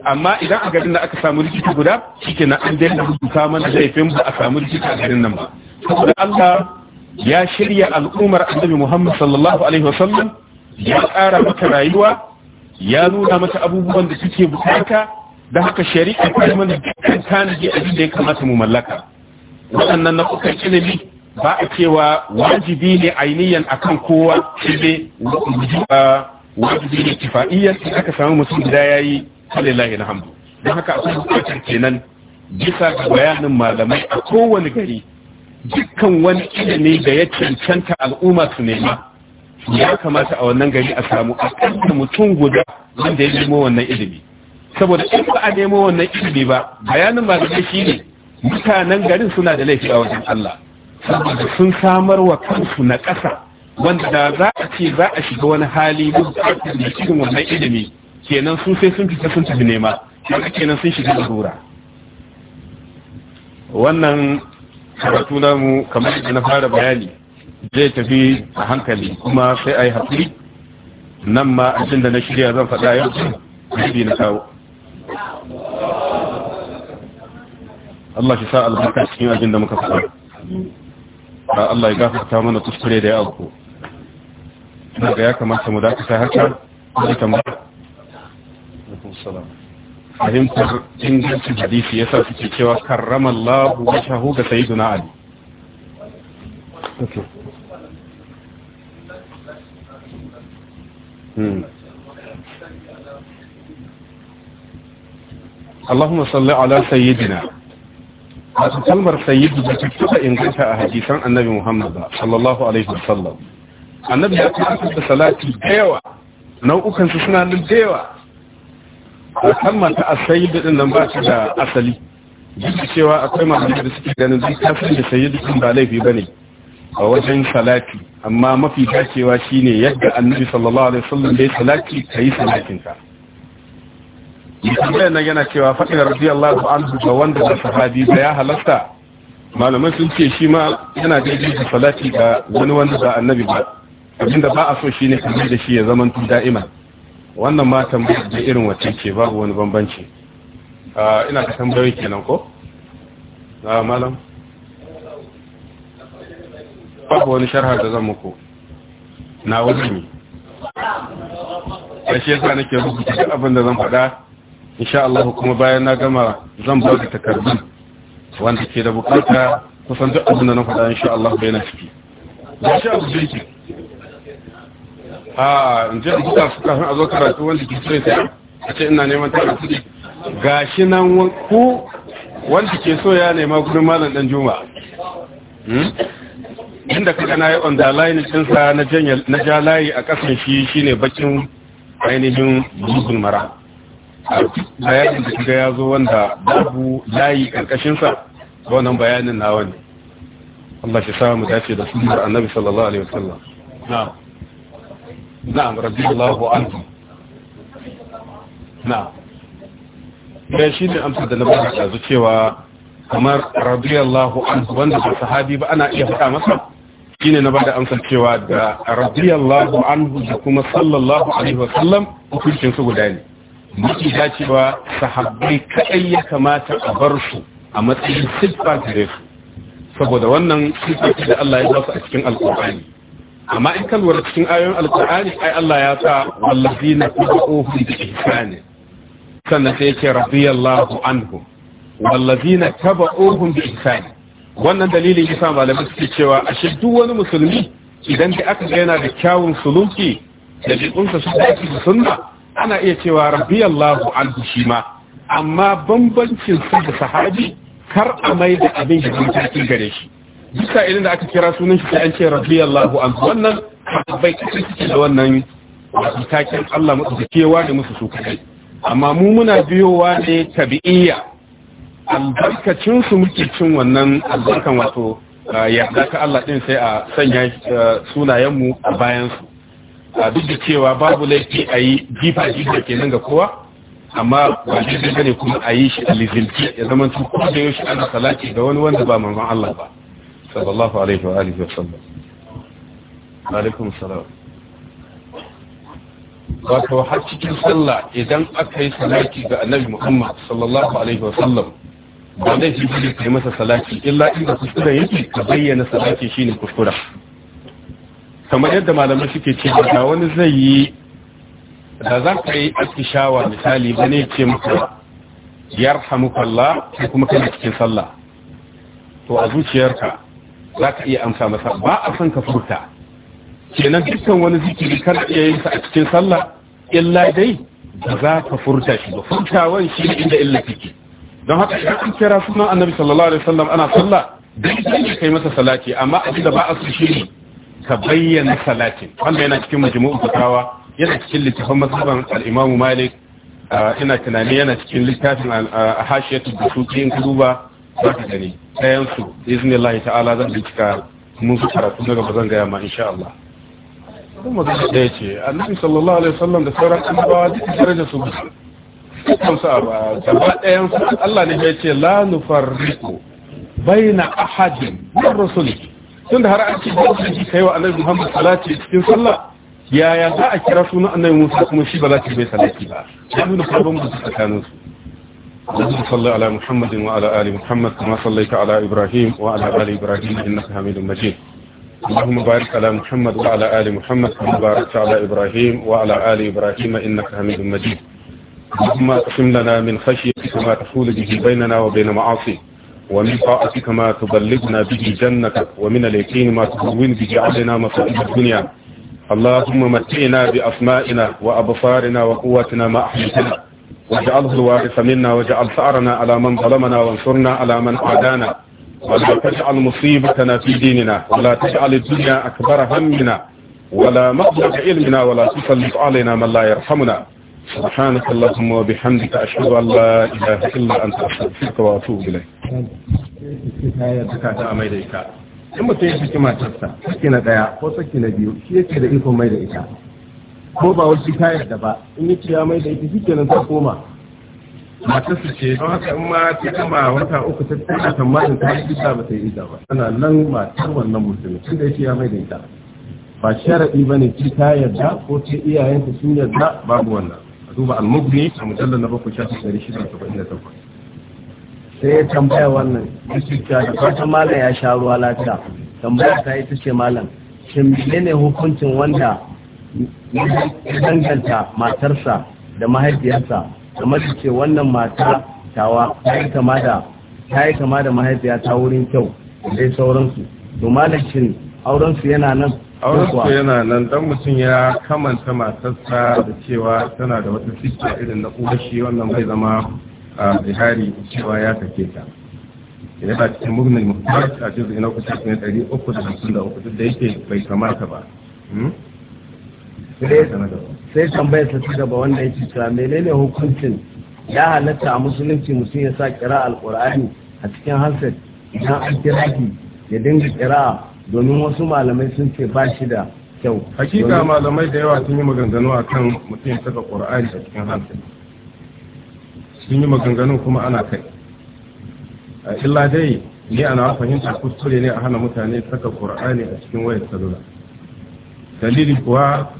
amma idan a garin da aka samu rikici guda shike na an daina rubuta mana laifin ba a samu rikici a garin nan ba saboda Allah ya shirya al'ummar annabi Muhammad sallallahu alaihi wasallam ya ƙara mata rayuwa ya nuna mata abubuwan da suke bukata da haka shari'a ta mana dukkan tanaji a da ya kamata mu mallaka waɗannan na kuka ilimi ba a cewa wajibi ne ainihin akan kowa shi ne uh, wajibi ne kifa'iyyan aka samu mutum guda yayi falillahi alhamdu don haka akwai bukatar kenan bisa ga bayanin malamai a kowane gari dukkan wani ilimi da ya cancanta al'umma su nema ya kamata a wannan gari a samu akalla mutum guda wanda ya nemo wannan ilimi saboda in ba a nemo wannan ilimi ba bayanin malamai shine mutanen garin suna da laifi a wajen Allah saboda sun samar wa kansu na ƙasa wanda da za a ce za a shiga wani hali duk da cikin wannan ilimi kenan sun sai sun fita sun tafi nema haka kenan sun shiga larura wannan karatu namu kamar yadda na fara bayani zai tafi a hankali kuma sai a yi haƙuri nan ma abin da na shirya zan faɗa yau fi na kawo Allah shi sa albarka cikin abin da muka faɗa Allah ya gafarta mana kuskure da ya auku daga ya kamata mu dakata haka da tambaya والسلام عظيم ان كنت حديث يسر في كيوا كرم الله وجهه سيدنا علي اوكي اللهم صل على سيدنا هذا كلمر سيد بتكتب ان كنت احاديث النبي محمد صلى الله عليه وسلم النبي صلى الله عليه وسلم نوعكم سنان الديوه musamman a asayid din nan ba ta da asali duk da cewa akwai malamai da suke ganin duk kasan da sayyid din ba laifi bane a wajen salati amma mafi dacewa shine yadda annabi sallallahu alaihi wasallam da ya salati kai salatin ka mutum nan yana cewa fadin radiyallahu anhu ga wanda da sahabi da ya halasta malamai sun ce shi ma yana daidai da salati ga wani wanda ba annabi ba abinda ba a so shine kamar da shi ya zama daima wannan ma tambayar da irin wacce ke babu wani bambanci ah, ina ka tambayoyi kenan ko na ah, malam babu wani sharhar da zan muku na wajen da shi yasa nake rubuta duk abin da zan faɗa insha Allah kuma bayan na gama zan ba da takardun wanda ke da bukata kusan duk abin da na faɗa insha Allah bai na ciki. Ba shi abu da a in ce in buga su kafin a zo karatu wanda ke so ya a ce ina neman tara Ga shi nan ku wanda ke so ya nema gudun malam dan juma hmm? inda kaga na yi on da line ɗinsa na ja layi a ƙasan shi shine bakin ainihin bugun mara a bayanin da kaga ya zo wanda babu layi ƙarƙashinsa wannan bayanin na wani. Allah shi samu dace da sunnar annabi sallallahu alaihi wasallam na'am na'am radiyallahu anhu na'am ya eh, shi ne amsa da labarin da cewa kamar radiyallahu anhu wanda ba sahabi ba ana iya faɗa masa shine na bada amsar cewa da radiyallahu anhu da kuma sallallahu alaihi wa sallam hukuncin su guda ne muke ba sahabbai kadai ya kamata a bar su a matsayin siffa da su saboda wannan siffa da Allah ya ba su a cikin alƙur'ani amma in ka lura cikin ayoyin alkur'ani ai Allah ya sa wallazina tabi'uhu bi ihsani sannan sai yake radiyallahu anhu wallazina tabi'uhum bi ihsani wannan dalilin yasa malamai suke cewa ashe duk wani musulmi idan da aka ga yana da kyawun suluki da jikunsa su da sunna ana iya cewa radiyallahu anhu shi ma amma bambancin su da sahabi kar a mai da abin da gare shi duka idan da aka kira sunan shi an ce radiyallahu an wannan bai kasance da wannan takin Allah mu da cewa da musu su kai amma mu muna biyowa ne tabi'iyya albarkacin su muke cin wannan albarkan wato yarda daka Allah din sai a sanya sunayen mu a bayan su a duk da cewa babu laifi a yi jifa jifa kenan ga kowa amma ba shi ne kuma a yi shi a lizinci ya zama su kuma da yaushe ana salaki ga wani wanda ba mamman Allah ba sallallahu alaihi wa alihi wasallam alaikum salam wato har cikin sallah idan aka yi salati ga annabi muhammad sallallahu alaihi wasallam ba zai fi yi masa salati illa inda kuskure yake ka bayyana salati shine kuskura kamar yadda malamai suke ce ba wani zai yi da za ka yi atishawa misali ba ne ce maka yarhamukallah ko kuma kana cikin sallah to a zuciyarka za ka iya amsa masa ba a son ka furta kenan dukkan wani zikiri kan iya yin sa a cikin sallah illa dai ba za ka furta shi ba furtawan shi ne inda illa take don haka idan an kira sunan annabi sallallahu alaihi wasallam ana sallah dan kai kai masa salati amma abinda ba a so shi ne ka bayyana salatin Wannan yana cikin majmu'u fatawa yana cikin littafin mazhaban al-Imam Malik ah, ina tunani yana cikin littafin a ah, hashiyatu da suke in duba za ka gani ɗayansu iznillahi ta'ala zan bincika mun su karatu na gaba zan gaya ma insha Allah kuma ce annabi sallallahu alaihi wasallam da sauran annabawa duk daraja su kan ba gaba Allah ne ya ce la baina ahadin min rusuli tunda har an ce da kai wa annabi Muhammad salati cikin sallah yaya za a kira sunan annabi Musa kuma shi ba za ki bai salati ba ya nuna farkon musu tsakaninsu اللهم صل على محمد وعلى آل محمد كما صليت على إبراهيم وعلى آل إبراهيم إنك حميد مجيد اللهم بارك على محمد وعلى آل محمد كما باركت على إبراهيم وعلى آل إبراهيم إنك حميد مجيد اللهم اقسم لنا من خشيتك ما تحول به بيننا وبين معاصيك ومن طاعتك ما تبلغنا به جنتك ومن اليقين ما تهون به علينا مصائب الدنيا اللهم متعنا بأسمائنا وأبصارنا وقوتنا ما أحييتنا واجعله الوارث منا واجعل ثأرنا على من ظلمنا وانصرنا على من عادانا ولا تجعل مصيبتنا في ديننا ولا تجعل الدنيا أكبر همنا ولا مبلغ علمنا ولا تسلط علينا من لا يرحمنا سبحانك اللهم وبحمدك أشهد أن لا إله إلا أنت أستغفرك وأتوب إليك in mutum ya saki matarsa saki na daya ko saki na biyu shi yake da ikon mai da ita ko ba wasu ta yarda ba in yi ciya mai da ita shi kenan ta koma matar su ce don haka in ma ta kama wata uku ta tsaya tsammanin ta yi ita ba ta yi ita ba tana nan matar wannan mutumin tun da ya ciya mai da ita ba sharaɗi ba ne ci ta yarda ko ce iyayenta sun yarda babu wannan a duba almugni a mujallar na bakwai shafi ɗari shida saba'in da takwas sai ya tambaya wannan ya da fatan malam ya sha ruwa lafiya tambaya ta ta ce malam shin ne hukuncin wanda ya danganta matarsa da mahaifiyarsa kamar masu ce wannan mata tawa ta yi kama da ta yi kama da mahaifiya ta wurin kyau dai sauransu to malakin aurensu yana nan aurensu yana nan dan mutum ya kamanta matarsa da cewa tana da wata sikiya irin na ubashi wannan bai zama a bihari cewa ya take ta ya ba cikin murnin muhammad a jirgin na kusa ne 353 uku da yake bai kamata ba hmm? sai tambayar ta ci gaba wanda ya yake cewa menene hukuncin ya halatta a musulunci mutum ya sa kira alkur'ani a cikin hanset idan an kira ki ya dinga kira domin wasu malamai sun ce ba shi da kyau hakika malamai da yawa sun yi maganganu akan mutum saka qur'ani a cikin hanset sun yi maganganu kuma ana kai illa dai ni ana fahimta kuskure ne a hana mutane saka qur'ani a cikin wayar salula dalili kuwa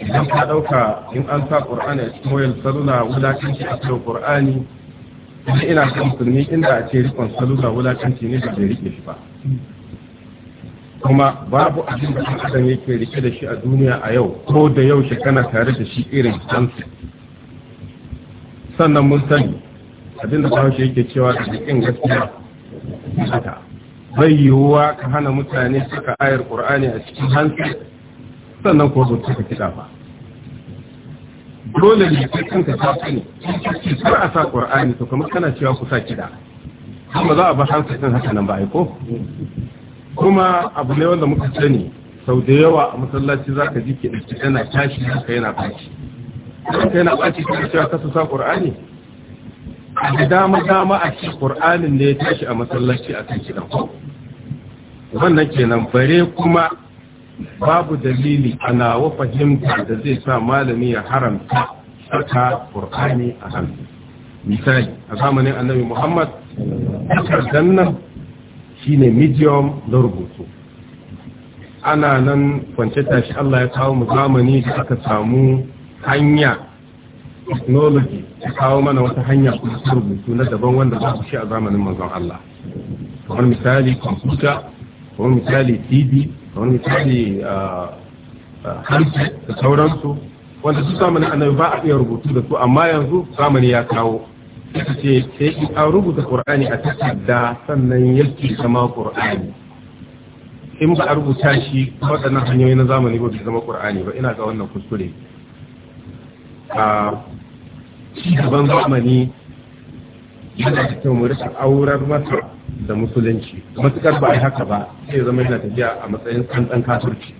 idan ka ɗauka in an sa qur'ani a cikin wayar salula wulakanci a cikin Al-Qur'ani, ina ina kan musulmi inda a ce rikon salula wulakanci ne da rike shi ba kuma babu abin da adam yake rike da shi a duniya a yau ko da yau shi kana tare da shi irin kansa sannan mun sani abin da bahaushe yake cewa da jikin gaskiya bai yiwuwa ka hana mutane suka ayar ƙur'ani a cikin hansi. sannan ko zo cika kiɗa ba dole ne kai kanka ta sani in kar a sa qur'ani to kamar kana cewa ku sa kiɗa kuma za a bar hankalin haka nan ba ai ko kuma abu ne wanda muka sani sau da yawa a masallaci za ka ji ke ɗauki na tashi haka yana fashi haka yana ɓaci kuma cewa ka sa ƙur'ani a da dama dama a ce ƙur'anin ne ya tashi a masallaci a kan kiɗan wannan kenan bare kuma babu dalili ana wa fahimta da zai sa malami ya haramta saka qur'ani a hannu misali a zamanin annabi muhammad takardar nan shine medium na rubutu ana nan kwance tashi allah ya kawo mu zamani da aka samu hanya technology ta kawo mana wata hanya kuma rubutu na daban wanda za su shi a zamanin manzon allah kamar misali kwamfuta kamar misali tv wani a harshe da sauransu wanda su samun annabi ba a iya rubutu da su amma yanzu zamani ya kawo ita ce sai in an rubuta ƙorani a takarda sannan yake zama ƙorani in ba a rubuta shi waɗannan hanyoyi na zamani ba zama ƙorani ba ina ga wannan kuskure a ci zamani yana da kyau mu rika aurar masa da musulunci matukar ba a yi haka ba sai zama yana tafiya a matsayin tsantsan kafirci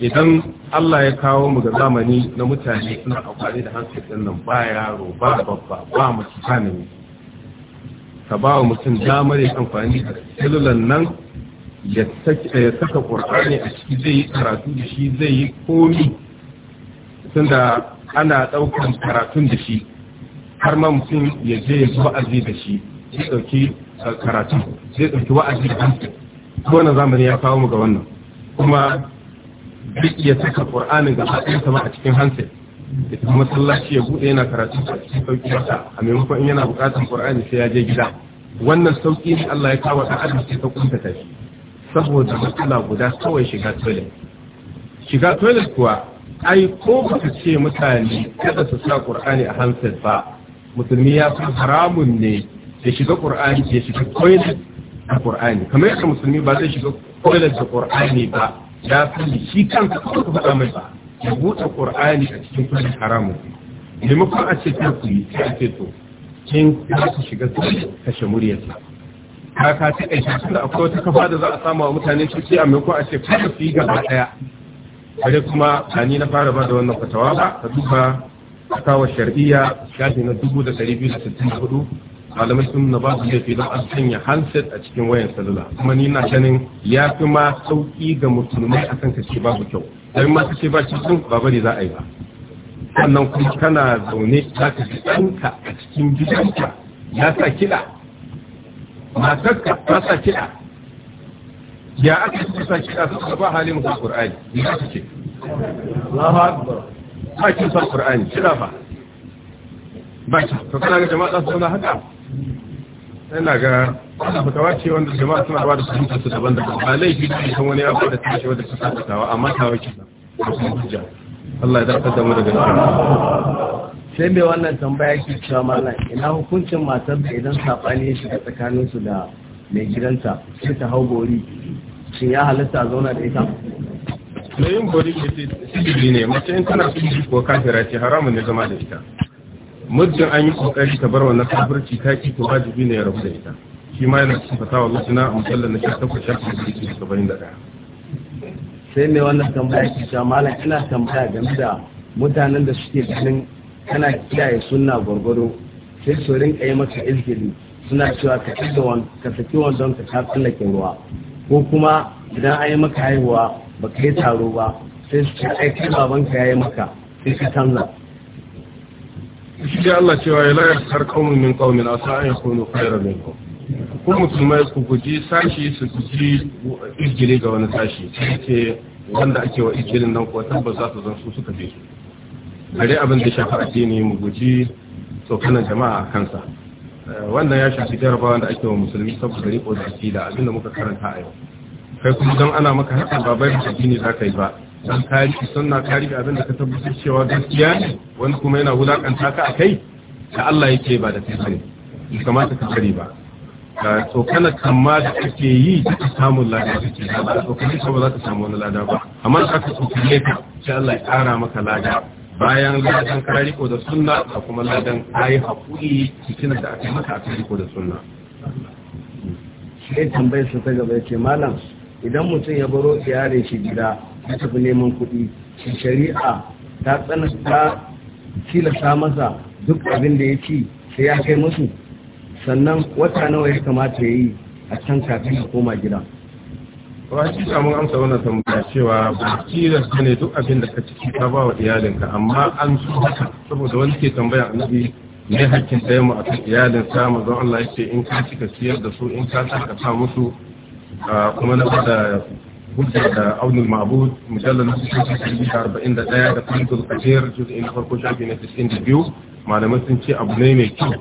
idan Allah ya kawo mu ga zamani na mutane suna amfani da hankali ɗin nan ba yaro ba babba ba masu kanami ka ba wa mutum damar ya amfani da silulan nan ya saka ƙur'ani a ciki zai yi karatu da shi zai yi komi tunda ana ɗaukar karatun da shi har ma mutum ya je ba'azi da shi zai ɗauki eh, karatu zai ɗauki wa'azi da hanci wannan zamani ya kawo mu ga wannan kuma duk ya saka ƙur'anin ga haɗin sama a cikin hanset da kuma masallaci ya buɗe yana karatu a cikin sauƙi masa a maimakon yana buƙatar ƙur'ani sai ya je gida wannan sauƙi ne Allah ya kawo ɗan adam sai sauƙin ta tafi saboda matsala guda kawai shiga toilet shiga toilet kuwa ai ko baka ce mutane kada su sa ƙur'ani a hanset ba musulmi ya san haramun ne ya shiga ƙur'ani ya shiga toilet da ƙur'ani kamar yadda musulmi ba zai shiga toilet da ƙur'ani ba ya fi shi kanka ko ka faɗa mai ba ya buɗe ƙur'ani a cikin toilet haramun maimakon a ce ta ku yi sai a ce to kin ka shiga toilet kashe muryarsa ka ka ta aiki da akwai wata kafa da za a samu wa mutane su ce a maimakon a ce kada su yi gaba ɗaya bare kuma ba ni na fara ba da wannan fatawa ba ka duba fatawa shar'iyya shafi na dubu da ɗari biyu da sittin da hudu malamai sun na ba su laifi don an sanya handset a cikin wayan salula kuma ni na ganin ya fi ma sauki ga musulmai a kan kace babu kyau don ma kace ba cikin ba bari za a yi ba sannan kuma kana zaune za ka ji ɗanka a cikin gidanka ya sa kiɗa matarka ta sa kiɗa ya aka ci sa kiɗa su ba halin mutum ƙur'ani ni aka ce Allahu ba kin san ƙur'ani kiɗa ba ba ki to kana ga jama'a za su zauna haka yana ga fatawa ce wanda jama'a suna ba da fahimtar su daban daban ba laifi ne kan wani abu da ta ce wanda ta sa amma ta wake da kuma hujja Allah ya zartar da daga nan sai mai wannan tambaya ke cewa mana ina hukuncin matar da idan saɓani ya shiga tsakanin su da mai gidanta sai ta hau gori shi ya halitta zauna da ita mai yin gori ke sigiri ne mace in tana sigiri ko kafira ce haramun ne zama da ita muddin an yi kokari ta bar wannan kafirci ta ki to wajibi ne ya rabu da ita shi ma yana cikin fatawa Allah a musallan na shafa shafa da ke da da daya sai mai wannan tambaya ki cewa malam ina tambaya game da mutanen da suke ganin kana kiyaye sunna gwargwaro sai su rinka yi maka izgiri suna cewa ka saki wan ka saki don ka ka ruwa ko kuma idan an maka haihuwa baka yi taro ba sai su ce ai babanka ya yi maka sai ka canza shi Allah cewa ya layar har kaunin min kaunin a sa'an ya kono fayar min ku kun musulmai ku guji sashi su guji izgili ga wani sashi ce wanda ake wa izgilin nan kuwa tabbas za su zan su suka su a abin da shafi addini mu guji tsokanan jama'a kansa eh, wannan ya shafi jarabawa da ake wa musulmi saboda riko da akida abin da muka karanta a yau kai kuma don ana maka haka ba da addini za ka yi ba don kari sunna kari abin da ka tabbatar cewa gaskiya ne wani kuma yana wulakanta ka a kai da Allah yake ba da kai ne bai kamata ka sani ba to kana kama da kake yi ka samun lada kake ba to kuma ka ba za ka samu wani lada ba amma ka ka tsokile ka sai Allah ya ƙara maka lada bayan ladan karari ko da suna da kuma ladan ayi hakuri cikin da aka maka a aka ko da suna. sai tambayar su ta gaba ce malam idan mutum ya baro iyalin shi gida ya tafi neman kuɗi da shari'a ta tsananta tilasta masa duk abin da ya ci sai ya kai musu sannan wata nawa ya kamata ya yi a can kafin ya koma gida ba shi samun amsa wani tambaya cewa ba tilasta ne duk abin da ka ciki ta ba wa iyalinka amma an su haka saboda wani ke tambaya nufi ne hakkin ɗaya mu akan iyalinsa zan Allah ya ce in ka cika siyar da su in ka sa ka sa musu kuma na bada hujja da aunin ma'bud mujallar na cikin arba'in da ɗaya da kuma tulkashiyar juz'in na farko shafi na cikin da biyu malamai sun ce abu ne mai kyau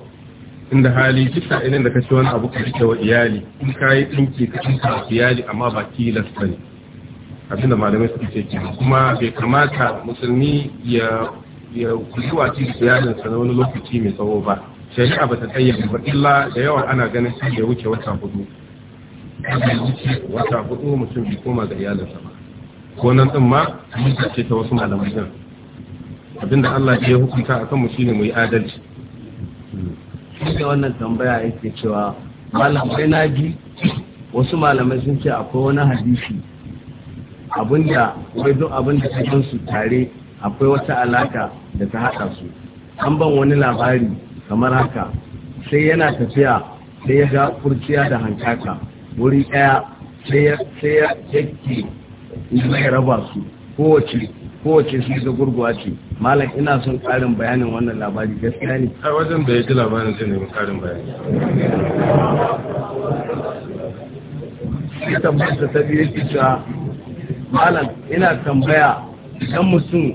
inda hali kisa irin da kace wani abu kake wa iyali in kayi dinki ka dinka wa iyali amma ba tilas bane abinda malamai suka ce kenan kuma bai kamata musulmi ya ya kusuwa ci iyalin na wani lokaci mai tsawo ba shari'a ba ta ba illa da yawa ana ganin sai ya wuce wata hudu wata hudu mutum bai koma ga iyalinsa ba ko nan din ma ta ce ta wasu malamai din abinda Allah ya hukunta a kanmu shine mu yi adalci da wannan tambaya yake cewa malamai na bi. wasu malamai sun ce akwai wani hadisi abinda wai duk abinda ta su tare akwai wata alaka da ta haɗa su an ban wani labari kamar haka sai yana tafiya sai ya ga kurciya da hankaka wuri ɗaya sai ya yake ya raba su kowace kowace sai ga gurguwa ce malam ina son ƙarin bayanin wannan labari gaskiya ne a wajen da ya ji labarin sai mu ƙarin bayani ya tambata ta biyu yake cewa malam ina tambaya idan mutum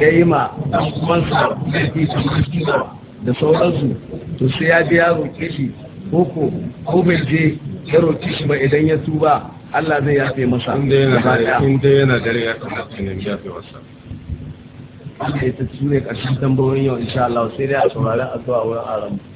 ya yi ma ɗan kumansa zai fi da sauransu to sai ya biya roƙe shi ko ko bai je ya roƙi shi ba idan ya tuba Allah zai yafe masa inda yana dare ya kamata ne ya yafe masa Allah ya ta tsune ƙarshen tambayoyin yau insha Allah sai dai a saurari a zuwa wurin aramu